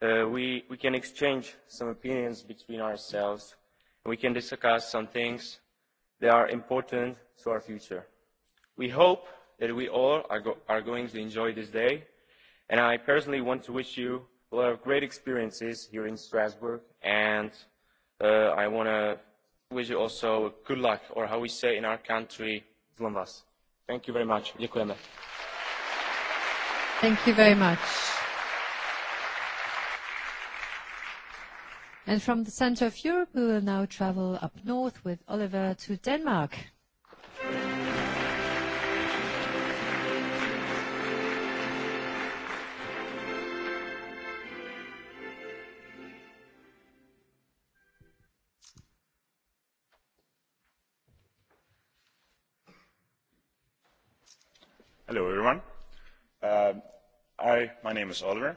Uh, we, we can exchange some opinions between ourselves. We can discuss some things that are important to our future. We hope that we all are, go are going to enjoy this day, and I personally want to wish you a lot of great experiences here in Strasbourg, and uh, I want to wish you also good luck, or how we say in our country, Thank you very much. Thank you very much. And from the center of Europe, we will now travel up north with Oliver to Denmark. Hello, everyone. Um, I, my name is Oliver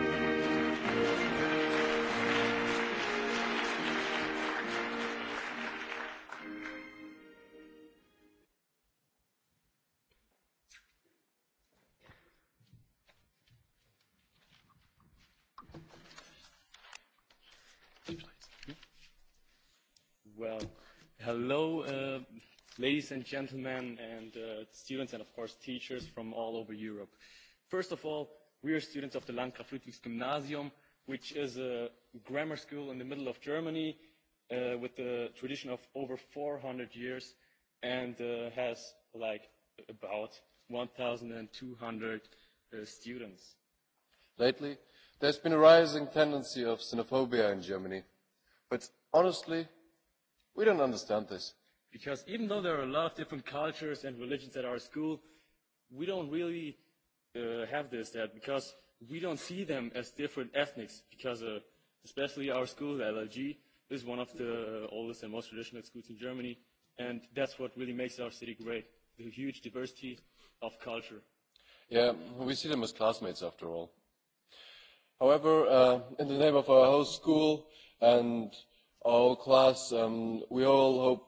ladies and gentlemen and uh, students and of course teachers from all over Europe. First of all, we are students of the Landgraf Ludwigs Gymnasium, which is a grammar school in the middle of Germany uh, with a tradition of over 400 years and uh, has like about 1,200 uh, students. Lately, there's been a rising tendency of xenophobia in Germany, but honestly, we don't understand this Because even though there are a lot of different cultures and religions at our school, we don't really uh, have this, that because we don't see them as different ethnics, because uh, especially our school, the LLG, is one of the oldest and most traditional schools in Germany, and that's what really makes our city great, the huge diversity of culture. Yeah, we see them as classmates after all. However, uh, in the name of our whole school and our class, um, we all hope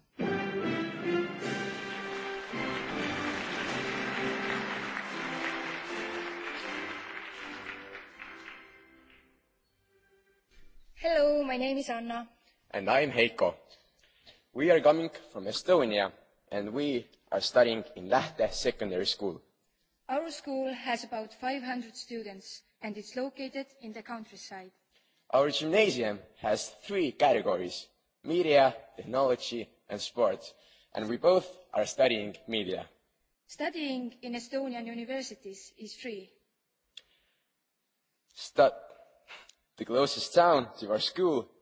name is Anna. And I'm Heiko. We are coming from Estonia and we are studying in Lahte Secondary School. Our school has about 500 students and it's located in the countryside. Our gymnasium has three categories, media, technology and sports, and we both are studying media. Studying in Estonian universities is free. the closest town to our school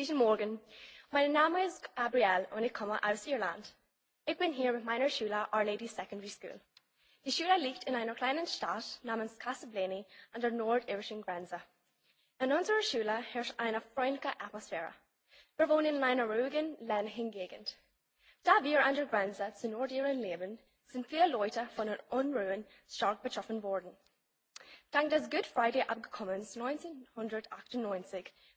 Guten morgen. mein Name is Gabrielle und ich komme aus Irland. Ich bin hier mit meiner Schule, Our Lady Secondary School. Die Schule liegt in einer kleinen Stadt namens Casablanca an der nordirischen Grenze. In unserer Schule herrscht eine freundliche Atmosphäre. Wir wohnen in einer ruhigen, ländlichen Gegend. Da wir an der Grenze zu Nordirland leben, sind viele Leute von den Unruhen stark betroffen worden. Dank des Good Friday Abkommens 1998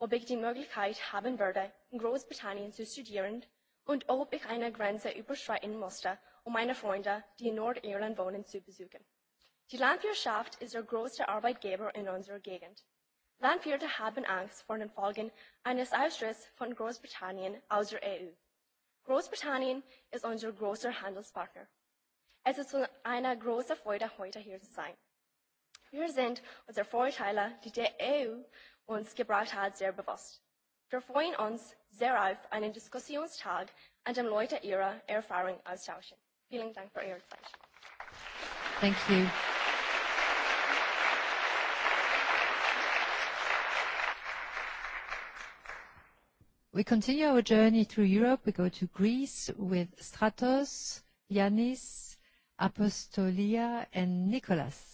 Ob ich die Möglichkeit haben würde, Großbritannien zu studieren und ob ich eine Grenze überschreiten musste, um meine Freunde, die in Nordirland wohnen, zu besuchen. Die Landwirtschaft ist der größte Arbeitgeber in unserer Gegend. Landwirte haben Angst vor den Folgen eines Austritts von Großbritannien aus der EU. Großbritannien ist unser großer Handelspartner. Es ist eine große Freude, heute hier zu sein. Wir sind unsere Vorteile, die der EU uns gebracht hat, sehr bewusst. Wir freuen uns sehr auf einen Diskussionstag, an dem Leute ihre erfahrung austauschen. Vielen Dank für Ihre Zeit. Thank you. We continue our journey through Europe. We go to Greece with Stratos, Yanis, Apostolia, and Nicholas.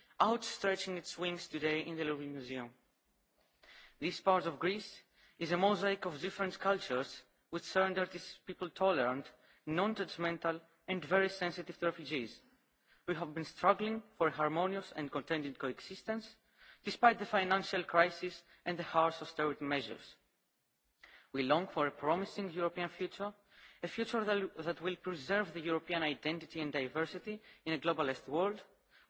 outstretching its wings today in the Louvre Museum. This part of Greece is a mosaic of different cultures which surrendered its people tolerant, non-judgmental and very sensitive to refugees. We have been struggling for a harmonious and contented coexistence despite the financial crisis and the harsh austerity measures. We long for a promising European future, a future that will preserve the European identity and diversity in a globalist world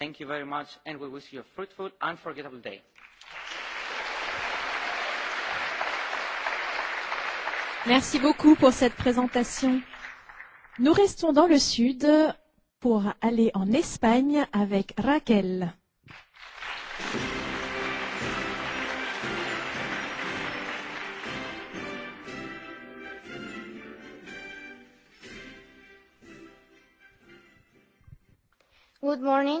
Thank you very much, and we wish you a fruitful, unforgettable day. Merci beaucoup pour cette présentation. Nous restons dans le sud pour aller en Espagne avec Raquel. Good morning.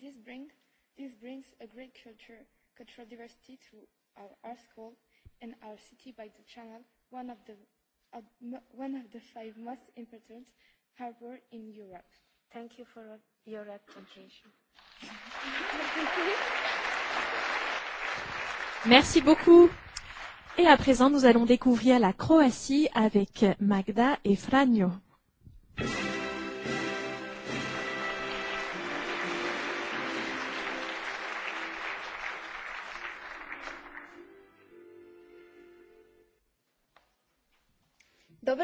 This, bring, this brings a great culture, cultural diversity to our, our school and our city by the channel, one of the, uh, one of the five most important harbors in Europe. Thank you for your attention. Merci beaucoup. Et à présent, nous allons découvrir la Croatie avec Magda et Franjo.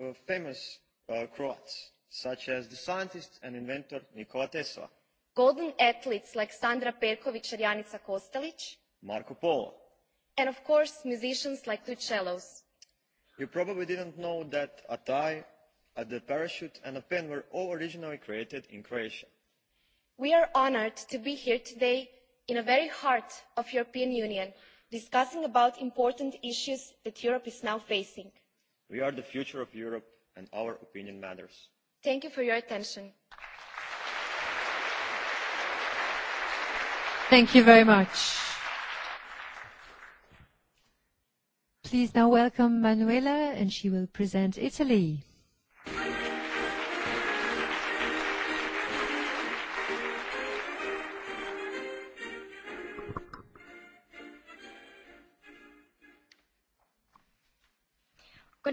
Uh, famous uh, Croats, such as the scientist and inventor Nikola Tesla. Golden athletes like Sandra Perković and Janica Kostelić. Marco Polo. And of course, musicians like cellos. You probably didn't know that a tie, a the parachute and a pen were all originally created in Croatia. We are honored to be here today in the very heart of European Union, discussing about important issues that Europe is now facing we are the future of europe and our opinion matters. thank you for your attention. thank you very much. please now welcome manuela and she will present italy.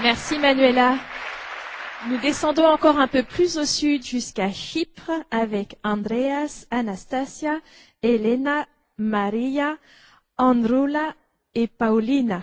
Merci Manuela. Nous descendons encore un peu plus au sud jusqu'à Chypre avec Andreas, Anastasia, Elena, Maria, Androula et Paulina.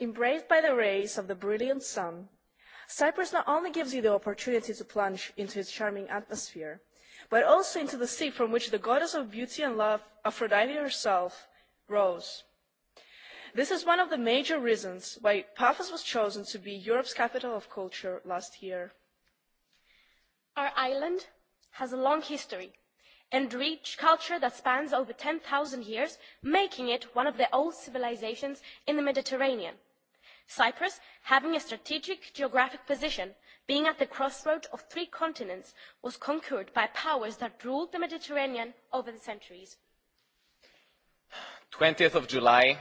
embraced by the rays of the brilliant sun. Cyprus not only gives you the opportunity to plunge into its charming atmosphere, but also into the sea from which the goddess of beauty and love, Aphrodite herself, rose. This is one of the major reasons why Paphos was chosen to be Europe's capital of culture last year. Our island has a long history and rich culture that spans over 10,000 years, making it one of the old civilizations in the Mediterranean cyprus having a strategic geographic position being at the crossroads of three continents was conquered by powers that ruled the mediterranean over the centuries. 20th of July,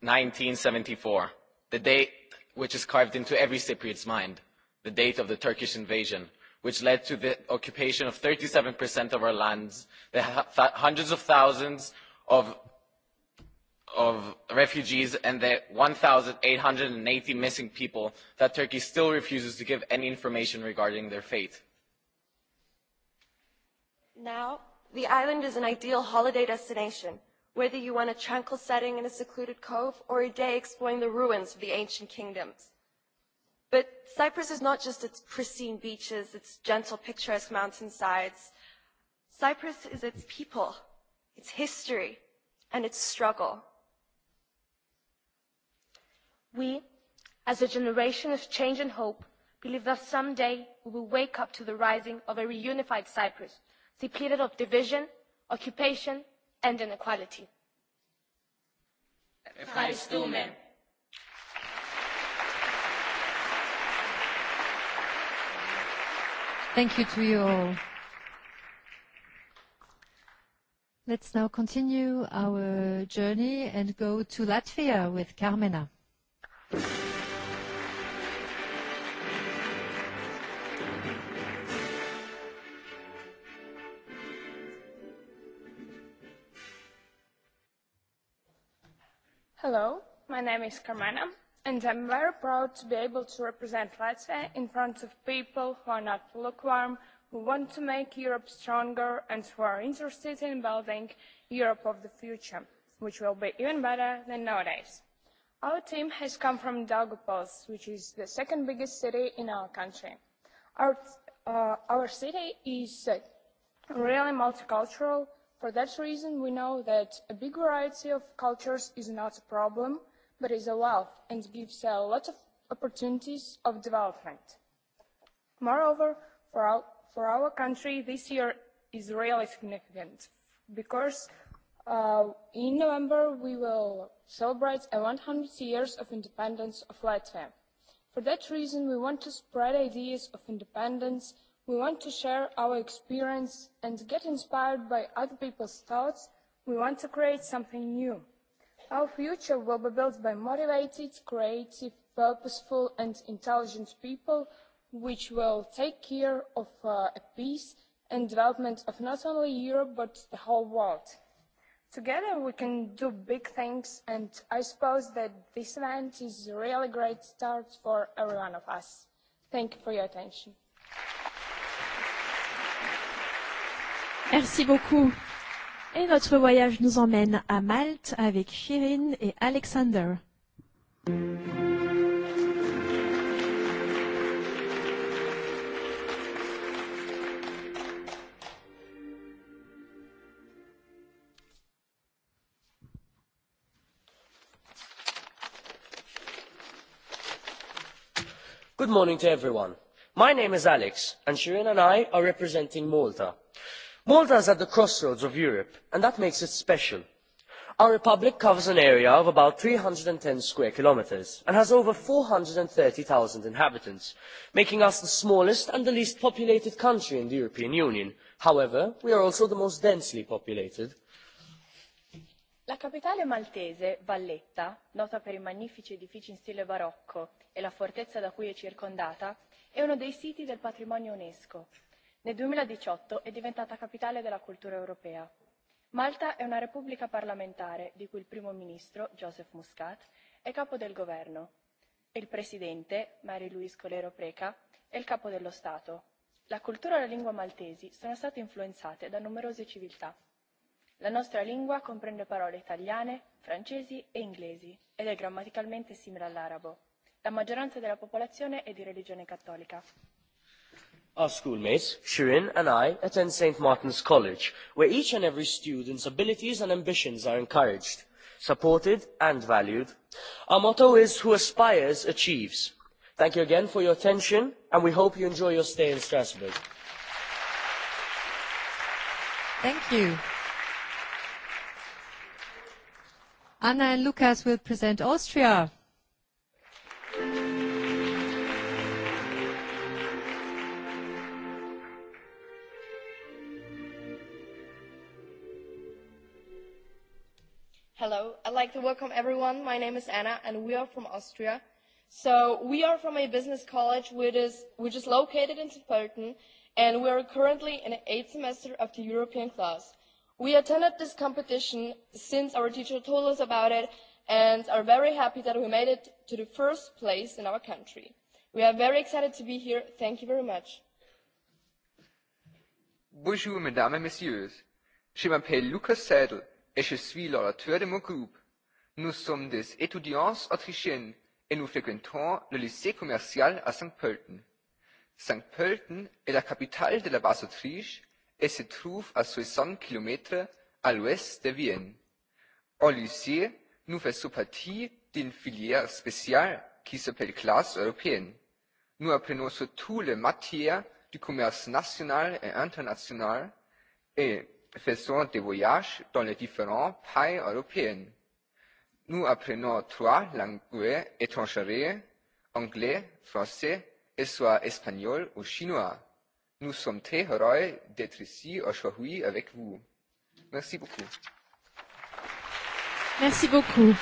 1974, the date which is carved into every cypriot's mind the date of the turkish invasion which led to the occupation of thirty seven of our lands the hundreds of thousands of of refugees and the 1,880 missing people that Turkey still refuses to give any information regarding their fate. Now, the island is an ideal holiday destination, whether you want a tranquil setting in a secluded cove or a day exploring the ruins of the ancient kingdoms. But Cyprus is not just its pristine beaches, its gentle picturesque mountainsides. Cyprus is its people, its history, and its struggle we as a generation of change and hope believe that someday we will wake up to the rising of a reunified cyprus depleted of division occupation and inequality. Thank you to you all. Let's now continue our journey and go to Latvia with Carmena. Hello, my name is Carmena, and I'm very proud to be able to represent Latvia in front of people who are not lukewarm, who want to make Europe stronger, and who are interested in building Europe of the future, which will be even better than nowadays. Our team has come from Daugavpils, which is the second biggest city in our country. Our, uh, our city is uh, really multicultural. For that reason, we know that a big variety of cultures is not a problem, but is a wealth and gives a lot of opportunities of development. Moreover, for our, for our country, this year is really significant because uh, in November we will celebrates the 100 years of independence of Latvia. For that reason, we want to spread ideas of independence, we want to share our experience and get inspired by other people's thoughts, we want to create something new. Our future will be built by motivated, creative, purposeful and intelligent people which will take care of uh, a peace and development of not only Europe but the whole world. Together we can do big things and I suppose that this event is a really great start for every one of us. Thank you for your attention. Merci beaucoup. Et notre voyage nous emmène à Malte avec Shirin et Alexander. good morning to everyone. My name is Alex, and Shirin and I are representing Malta. Malta is at the crossroads of Europe, and that makes it special. Our republic covers an area of about 310 square kilometres and has over 430,000 inhabitants, making us the smallest and the least populated country in the European Union. However, we are also the most densely populated la capitale maltese valletta nota per i magnifici edifici in stile barocco e la fortezza da cui è circondata è uno dei siti del patrimonio unesco nel 2018 è diventata capitale della cultura europea. malta è una repubblica parlamentare di cui il primo ministro joseph muscat è capo del governo e il presidente mary louise colero preca è il capo dello stato. la cultura e la lingua maltesi sono state influenzate da numerose civiltà la nostra lingua comprende parole italiane francesi e inglesi ed è grammaticalmente simile all'arabo. la maggioranza della popolazione è di religione cattolica. Our schoolmates, Shirin and I, attend St. Martin's College, where each and every student's abilities and ambitions are encouraged, supported and valued. Our motto is, who aspires, achieves. Thank you again for your attention, and we hope you enjoy your stay in Strasbourg. Thank you. Anna and Lukas will present Austria. Hello, I'd like to welcome everyone. My name is Anna and we are from Austria. So we are from a business college which is, which is located in Pölten and we are currently in the eighth semester of the European class we attended this competition since our teacher told us about it and are very happy that we made it to the first place in our country. we are very excited to be here. thank you very much. Bonjour mesdames et messieurs. Je m'appelle Lucas Seidel et je suis l'orateur de mon groupe. Nous sommes des étudiants autrichiens et nous fréquentons le lycée commercial à Saint Pölten. Saint Pölten est la capitale de la Basse-Autriche et se trouve à 60 km à l'ouest de Vienne. En lycée, nous faisons partie d'une filière spéciale qui s'appelle classe européenne. Nous apprenons surtout les matières du commerce national et international et faisons des voyages dans les différents pays européens. Nous apprenons trois langues étrangères, anglais, français et soit espagnol ou chinois Nous sommes très heureux d'être ici aujourd'hui avec vous. Merci beaucoup. Merci beaucoup.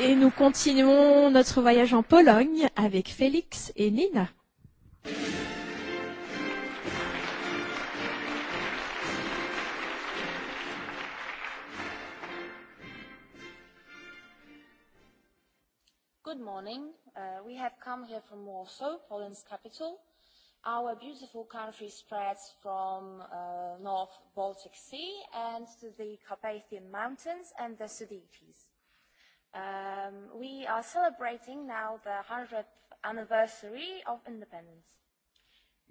Et nous continuons notre voyage en Pologne avec Félix et Nina. Good morning. Uh, we have come here from Warsaw, Poland's capital Our beautiful country spreads from uh, North Baltic Sea and to the Carpathian Mountains and the Sudetes. Um, we are celebrating now the 100th anniversary of independence.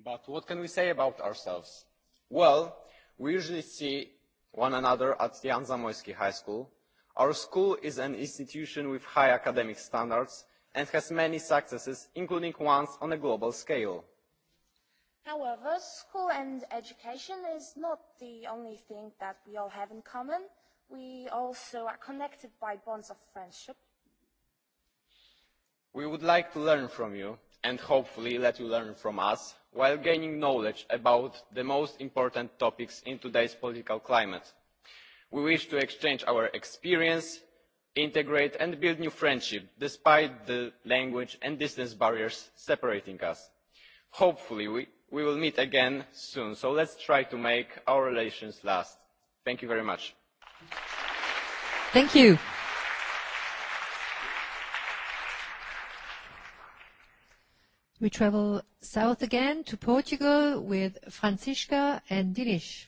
But what can we say about ourselves? Well, we usually see one another at Jan Zamoyski High School. Our school is an institution with high academic standards and has many successes, including ones on a global scale However, school and education is not the only thing that we all have in common. We also are connected by bonds of friendship. We would like to learn from you and hopefully let you learn from us while gaining knowledge about the most important topics in today's political climate. We wish to exchange our experience, integrate and build new friendship despite the language and distance barriers separating us. Hopefully we we will meet again soon so let's try to make our relations last. thank you very much. thank you. We travel south again to Portugal with Francisca and Dinish.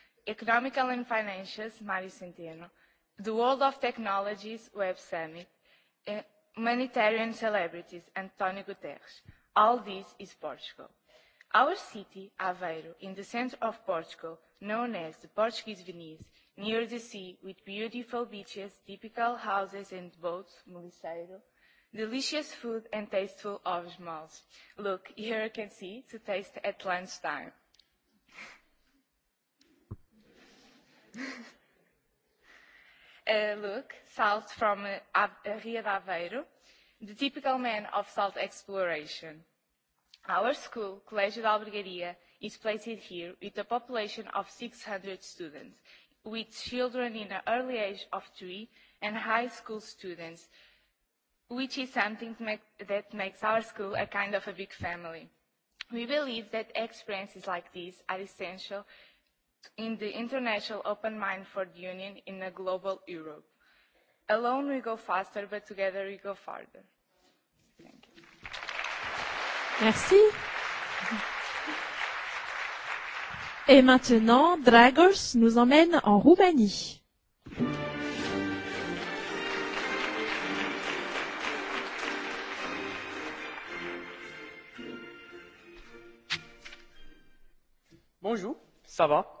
Economical and Financials, Mario Centeno, the World of Technologies Web Summit, e, Humanitarian Celebrities, António Guterres. All this is Portugal. Our city, Aveiro, in the center of Portugal, known as the Portuguese Venice, near the sea with beautiful beaches, typical houses and boats, Muliceiro, delicious food and tasteful of Look, here you can see to taste at lunchtime. uh, look south from eh, eh, Ria de Aveiro, the typical man of salt exploration. Our school, Colégio da Albergaria, is placed here with a population of 600 students, with children in the early age of three and high school students, which is something that makes our school a kind of a big family. We believe that experiences like these are essential in the international open mind for the union in a global Europe. Alone we go faster, but together we go farther. Thank you. Merci. Et maintenant, Dragos nous emmène en Roumanie. Bonjour, ça va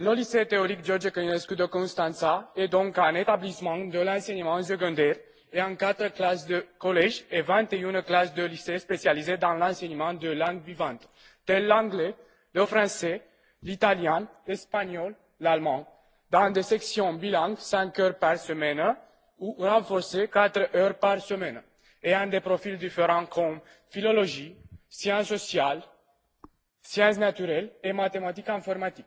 Le lycée théorique George Călinescu de Constanța est donc un établissement de l'enseignement secondaire et en quatre classes de collège et vingt et une classes de lycée spécialisées dans l'enseignement de langues vivantes, telles l'anglais, le français, l'italien, l'espagnol, l'allemand, dans des sections bilingues cinq heures par semaine ou renforcées quatre heures par semaine, ayant des profils différents comme philologie, sciences sociales, sciences naturelles et mathématiques informatiques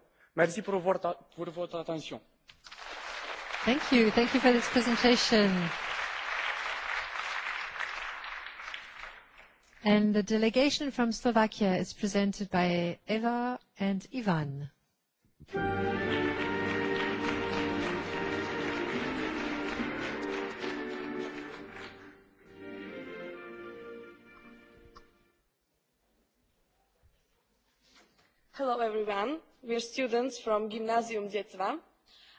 Merci pour, votre, pour votre attention. Thank you. Thank you for this presentation. And the delegation from Slovakia is presented by Eva and Ivan. Hello everyone, we are students from Gymnasium Dietva.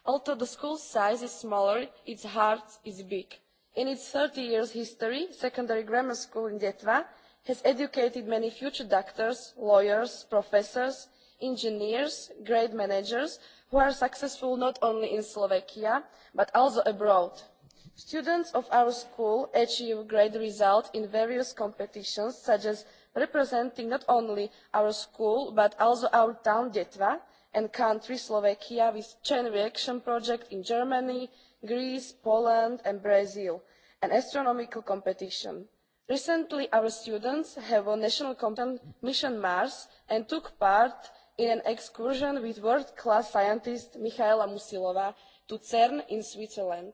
Although the school size is smaller, its heart is big. In its 30 years history, secondary grammar school in Dietva has educated many future doctors, lawyers, professors, engineers, grade managers who are successful not only in Slovakia but also abroad. Students of our school achieve great results in various competitions such as representing not only our school but also our town Detva and country Slovakia with chain reaction project in Germany, Greece, Poland and Brazil, an astronomical competition. Recently our students have won national competition Mission Mars and took part in an excursion with world class scientist Michaela Musilova to CERN in Switzerland.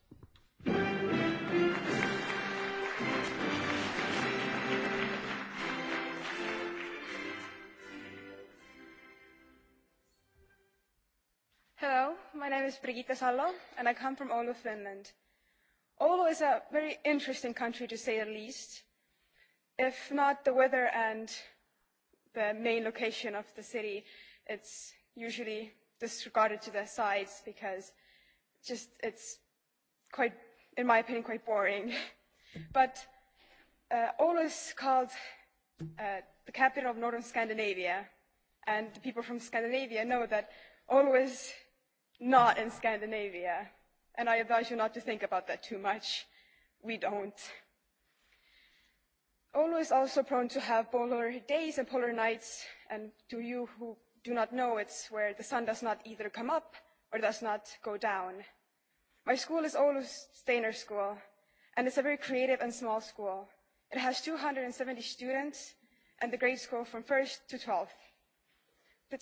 is Brigitte Salo, and I come from Oulu, Finland. Oulu is a very interesting country, to say the least, if not the weather and the main location of the city. It's usually disregarded to the sides because just it's quite, in my opinion, quite boring. but uh, Oulu is called uh, the capital of northern Scandinavia, and the people from Scandinavia know that Oulu is not in Scandinavia. And I advise you not to think about that too much. We don't. Olu is also prone to have polar days and polar nights. And to you who do not know, it's where the sun does not either come up or does not go down. My school is Oulu Stainer School, and it's a very creative and small school. It has 270 students and the grades go from first to 12th. But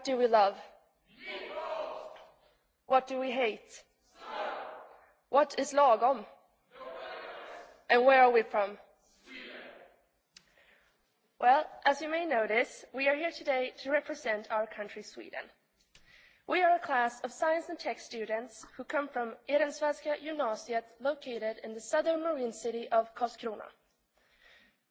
What do we love? People. What do we hate? Snow. What is lagom? And where are we from? Sweden. Well, as you may notice, we are here today to represent our country, Sweden. We are a class of science and tech students who come from Erensvenska gymnasiet located in the southern marine city of Karlskrona.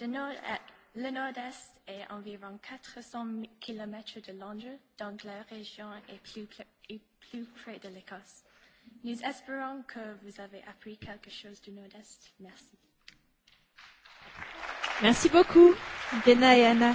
De nord à, euh, le nord-est est environ 400 km de Londres, donc la région est plus, est plus près de l'Écosse. Nous espérons que vous avez appris quelque chose du nord-est. Merci. Merci beaucoup, Dena et Anna.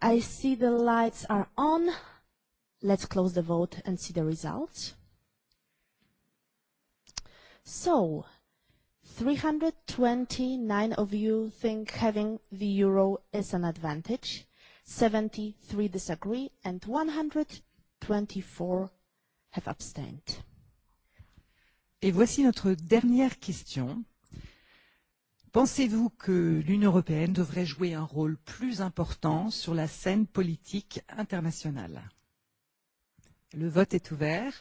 I see the lights are on. Let's close the vote and see the results. So, 329 of you think having the euro is an advantage, 73 disagree, and 124 have abstained. Et voici notre dernière question Pensez-vous que l'Union européenne devrait jouer un rôle plus important sur la scène politique internationale Le vote est ouvert.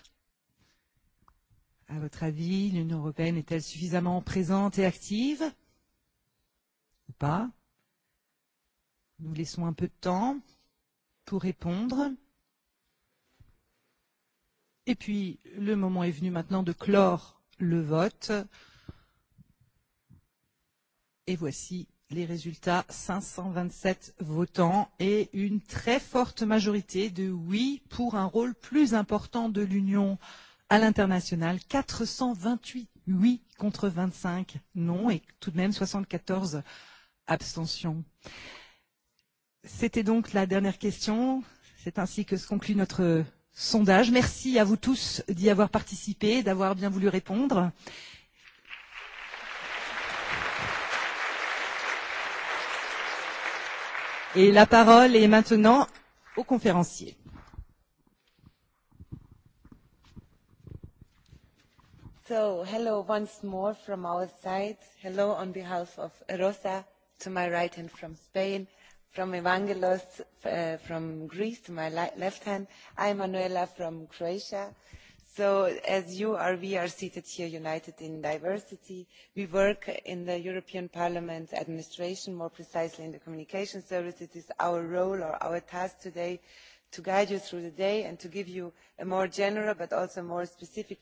À votre avis, l'Union européenne est-elle suffisamment présente et active Ou pas Nous laissons un peu de temps pour répondre. Et puis, le moment est venu maintenant de clore le vote. Et voici les résultats. 527 votants et une très forte majorité de oui pour un rôle plus important de l'Union à l'international. 428 oui contre 25 non et tout de même 74 abstentions. C'était donc la dernière question. C'est ainsi que se conclut notre sondage. Merci à vous tous d'y avoir participé, d'avoir bien voulu répondre. Et la parole est maintenant au conférencier. So, hello once more from our side. Hello on behalf of Rosa to my right hand from Spain, from Evangelos uh, from Greece to my left hand. I'm Manuela from Croatia so as you are we are seated here united in diversity we work in the european parliament administration more precisely in the communication service it is our role or our task today to guide you through the day and to give you a more general but also more specific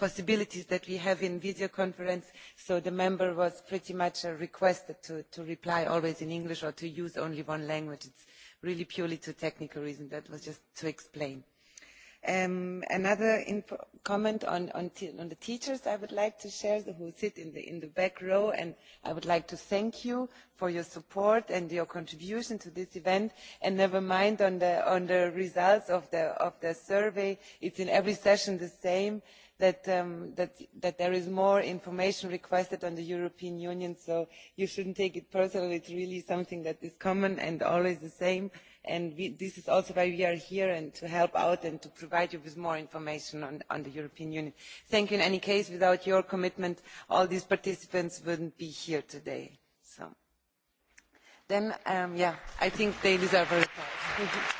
possibilities that we have in video conference so the member was pretty much uh, requested to, to reply always in english or to use only one language. It's really purely to technical reason that was just to explain. Um, another comment on, on, on the teachers i would like to share who sit in the, in the back row and i would like to thank you for your support and your contribution to this event and never mind on the, on the results of the, of the survey it is in every session the same that, um, that, that there is more information requested on the European Union, so you shouldn't take it personally. It's really something that is common and always the same. And this is also why we are here and to help out and to provide you with more information on, the European Union. Thank you. In any case, without your commitment, all these participants wouldn't be here today. So then, um, yeah, I think they deserve a report.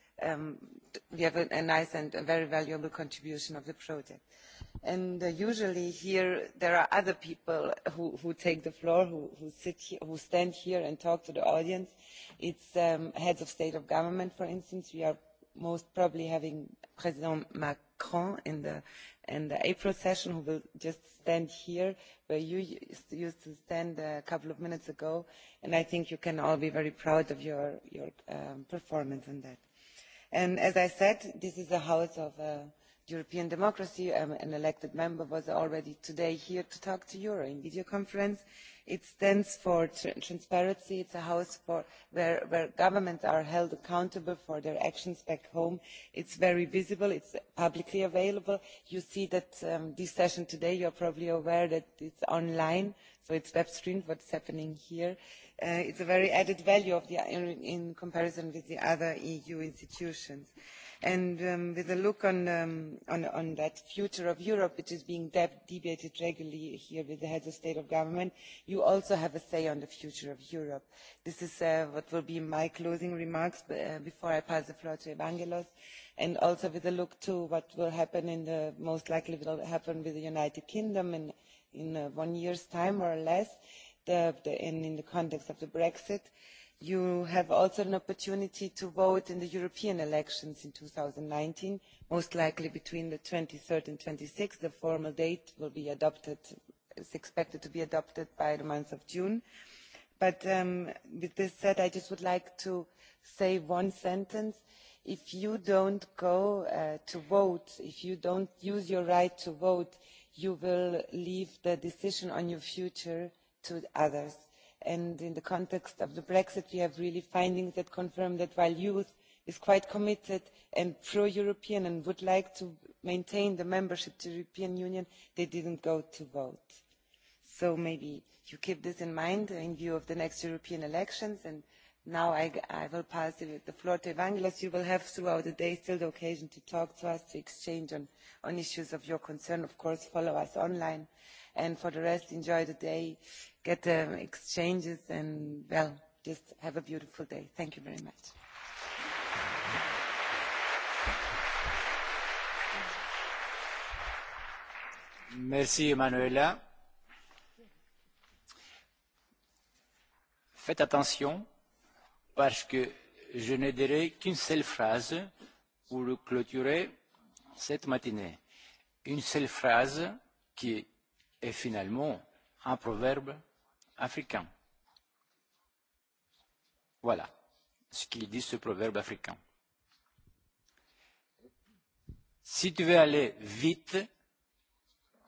Um, we have a, nice and very valuable contribution of the project. And uh, usually here there are other people who, who take the floor, who, who, sit here, who stand here and talk to the audience. It's um, heads of state of government, for instance. We are most probably having President Macron in the, in the April session who will just stand here where you used to stand a couple of minutes ago. And I think you can all be very proud of your, your um, performance in that. And as I said, this is a house of uh, European democracy. Um, an elected member was already today here to talk to you in video conference. It stands for transparency, it is a house where, governments are held accountable for their actions back home. It is very visible. it is publicly available. You see that um, this session today, you are probably aware that it is online, so it's web streamed what is happening here Uh, it's a very added value of the, in, in comparison with the other EU institutions. And um, with a look on, um, on, on that future of Europe, which is being deb debated regularly here with the heads of state of government, you also have a say on the future of Europe. This is uh, what will be my closing remarks uh, before I pass the floor to Evangelos, and also with a look to what will happen in the most likely will happen with the United Kingdom in, in uh, one year's time or less in, in the context of the brexit you have also an opportunity to vote in the european elections in nineteen, most likely between the 23 and twenty six the formal date will be adopted is expected to be adopted by the month of june but um, with this said i just would like to say one sentence if you don't go uh, to vote if you don't use your right to vote you will leave the decision on your future to others. And in the context of the Brexit, we have really findings that confirm that while youth is quite committed and pro-European and would like to maintain the membership to the European Union, they didn't go to vote. So maybe you keep this in mind in view of the next European elections. And now I, I will pass the floor to Evangelos. You will have throughout the day still the occasion to talk to us, to exchange on, on issues of your concern. Of course, follow us online and for the rest enjoy the day get the um, exchanges and well just have a beautiful day thank you very much merci Emanuela. faites attention parce que je ne dirai qu'une seule phrase pour clôturer cette matinée une seule phrase qui est est finalement un proverbe africain. Voilà ce qu'il dit ce proverbe africain. Si tu veux aller vite,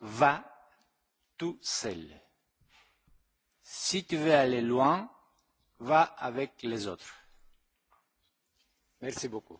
va tout seul. Si tu veux aller loin, va avec les autres. Merci beaucoup.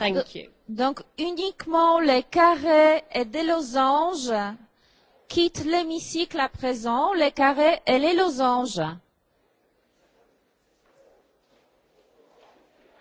Thank you. Donc uniquement les carrés et des losanges quittent l'hémicycle à présent, les carrés et les losanges.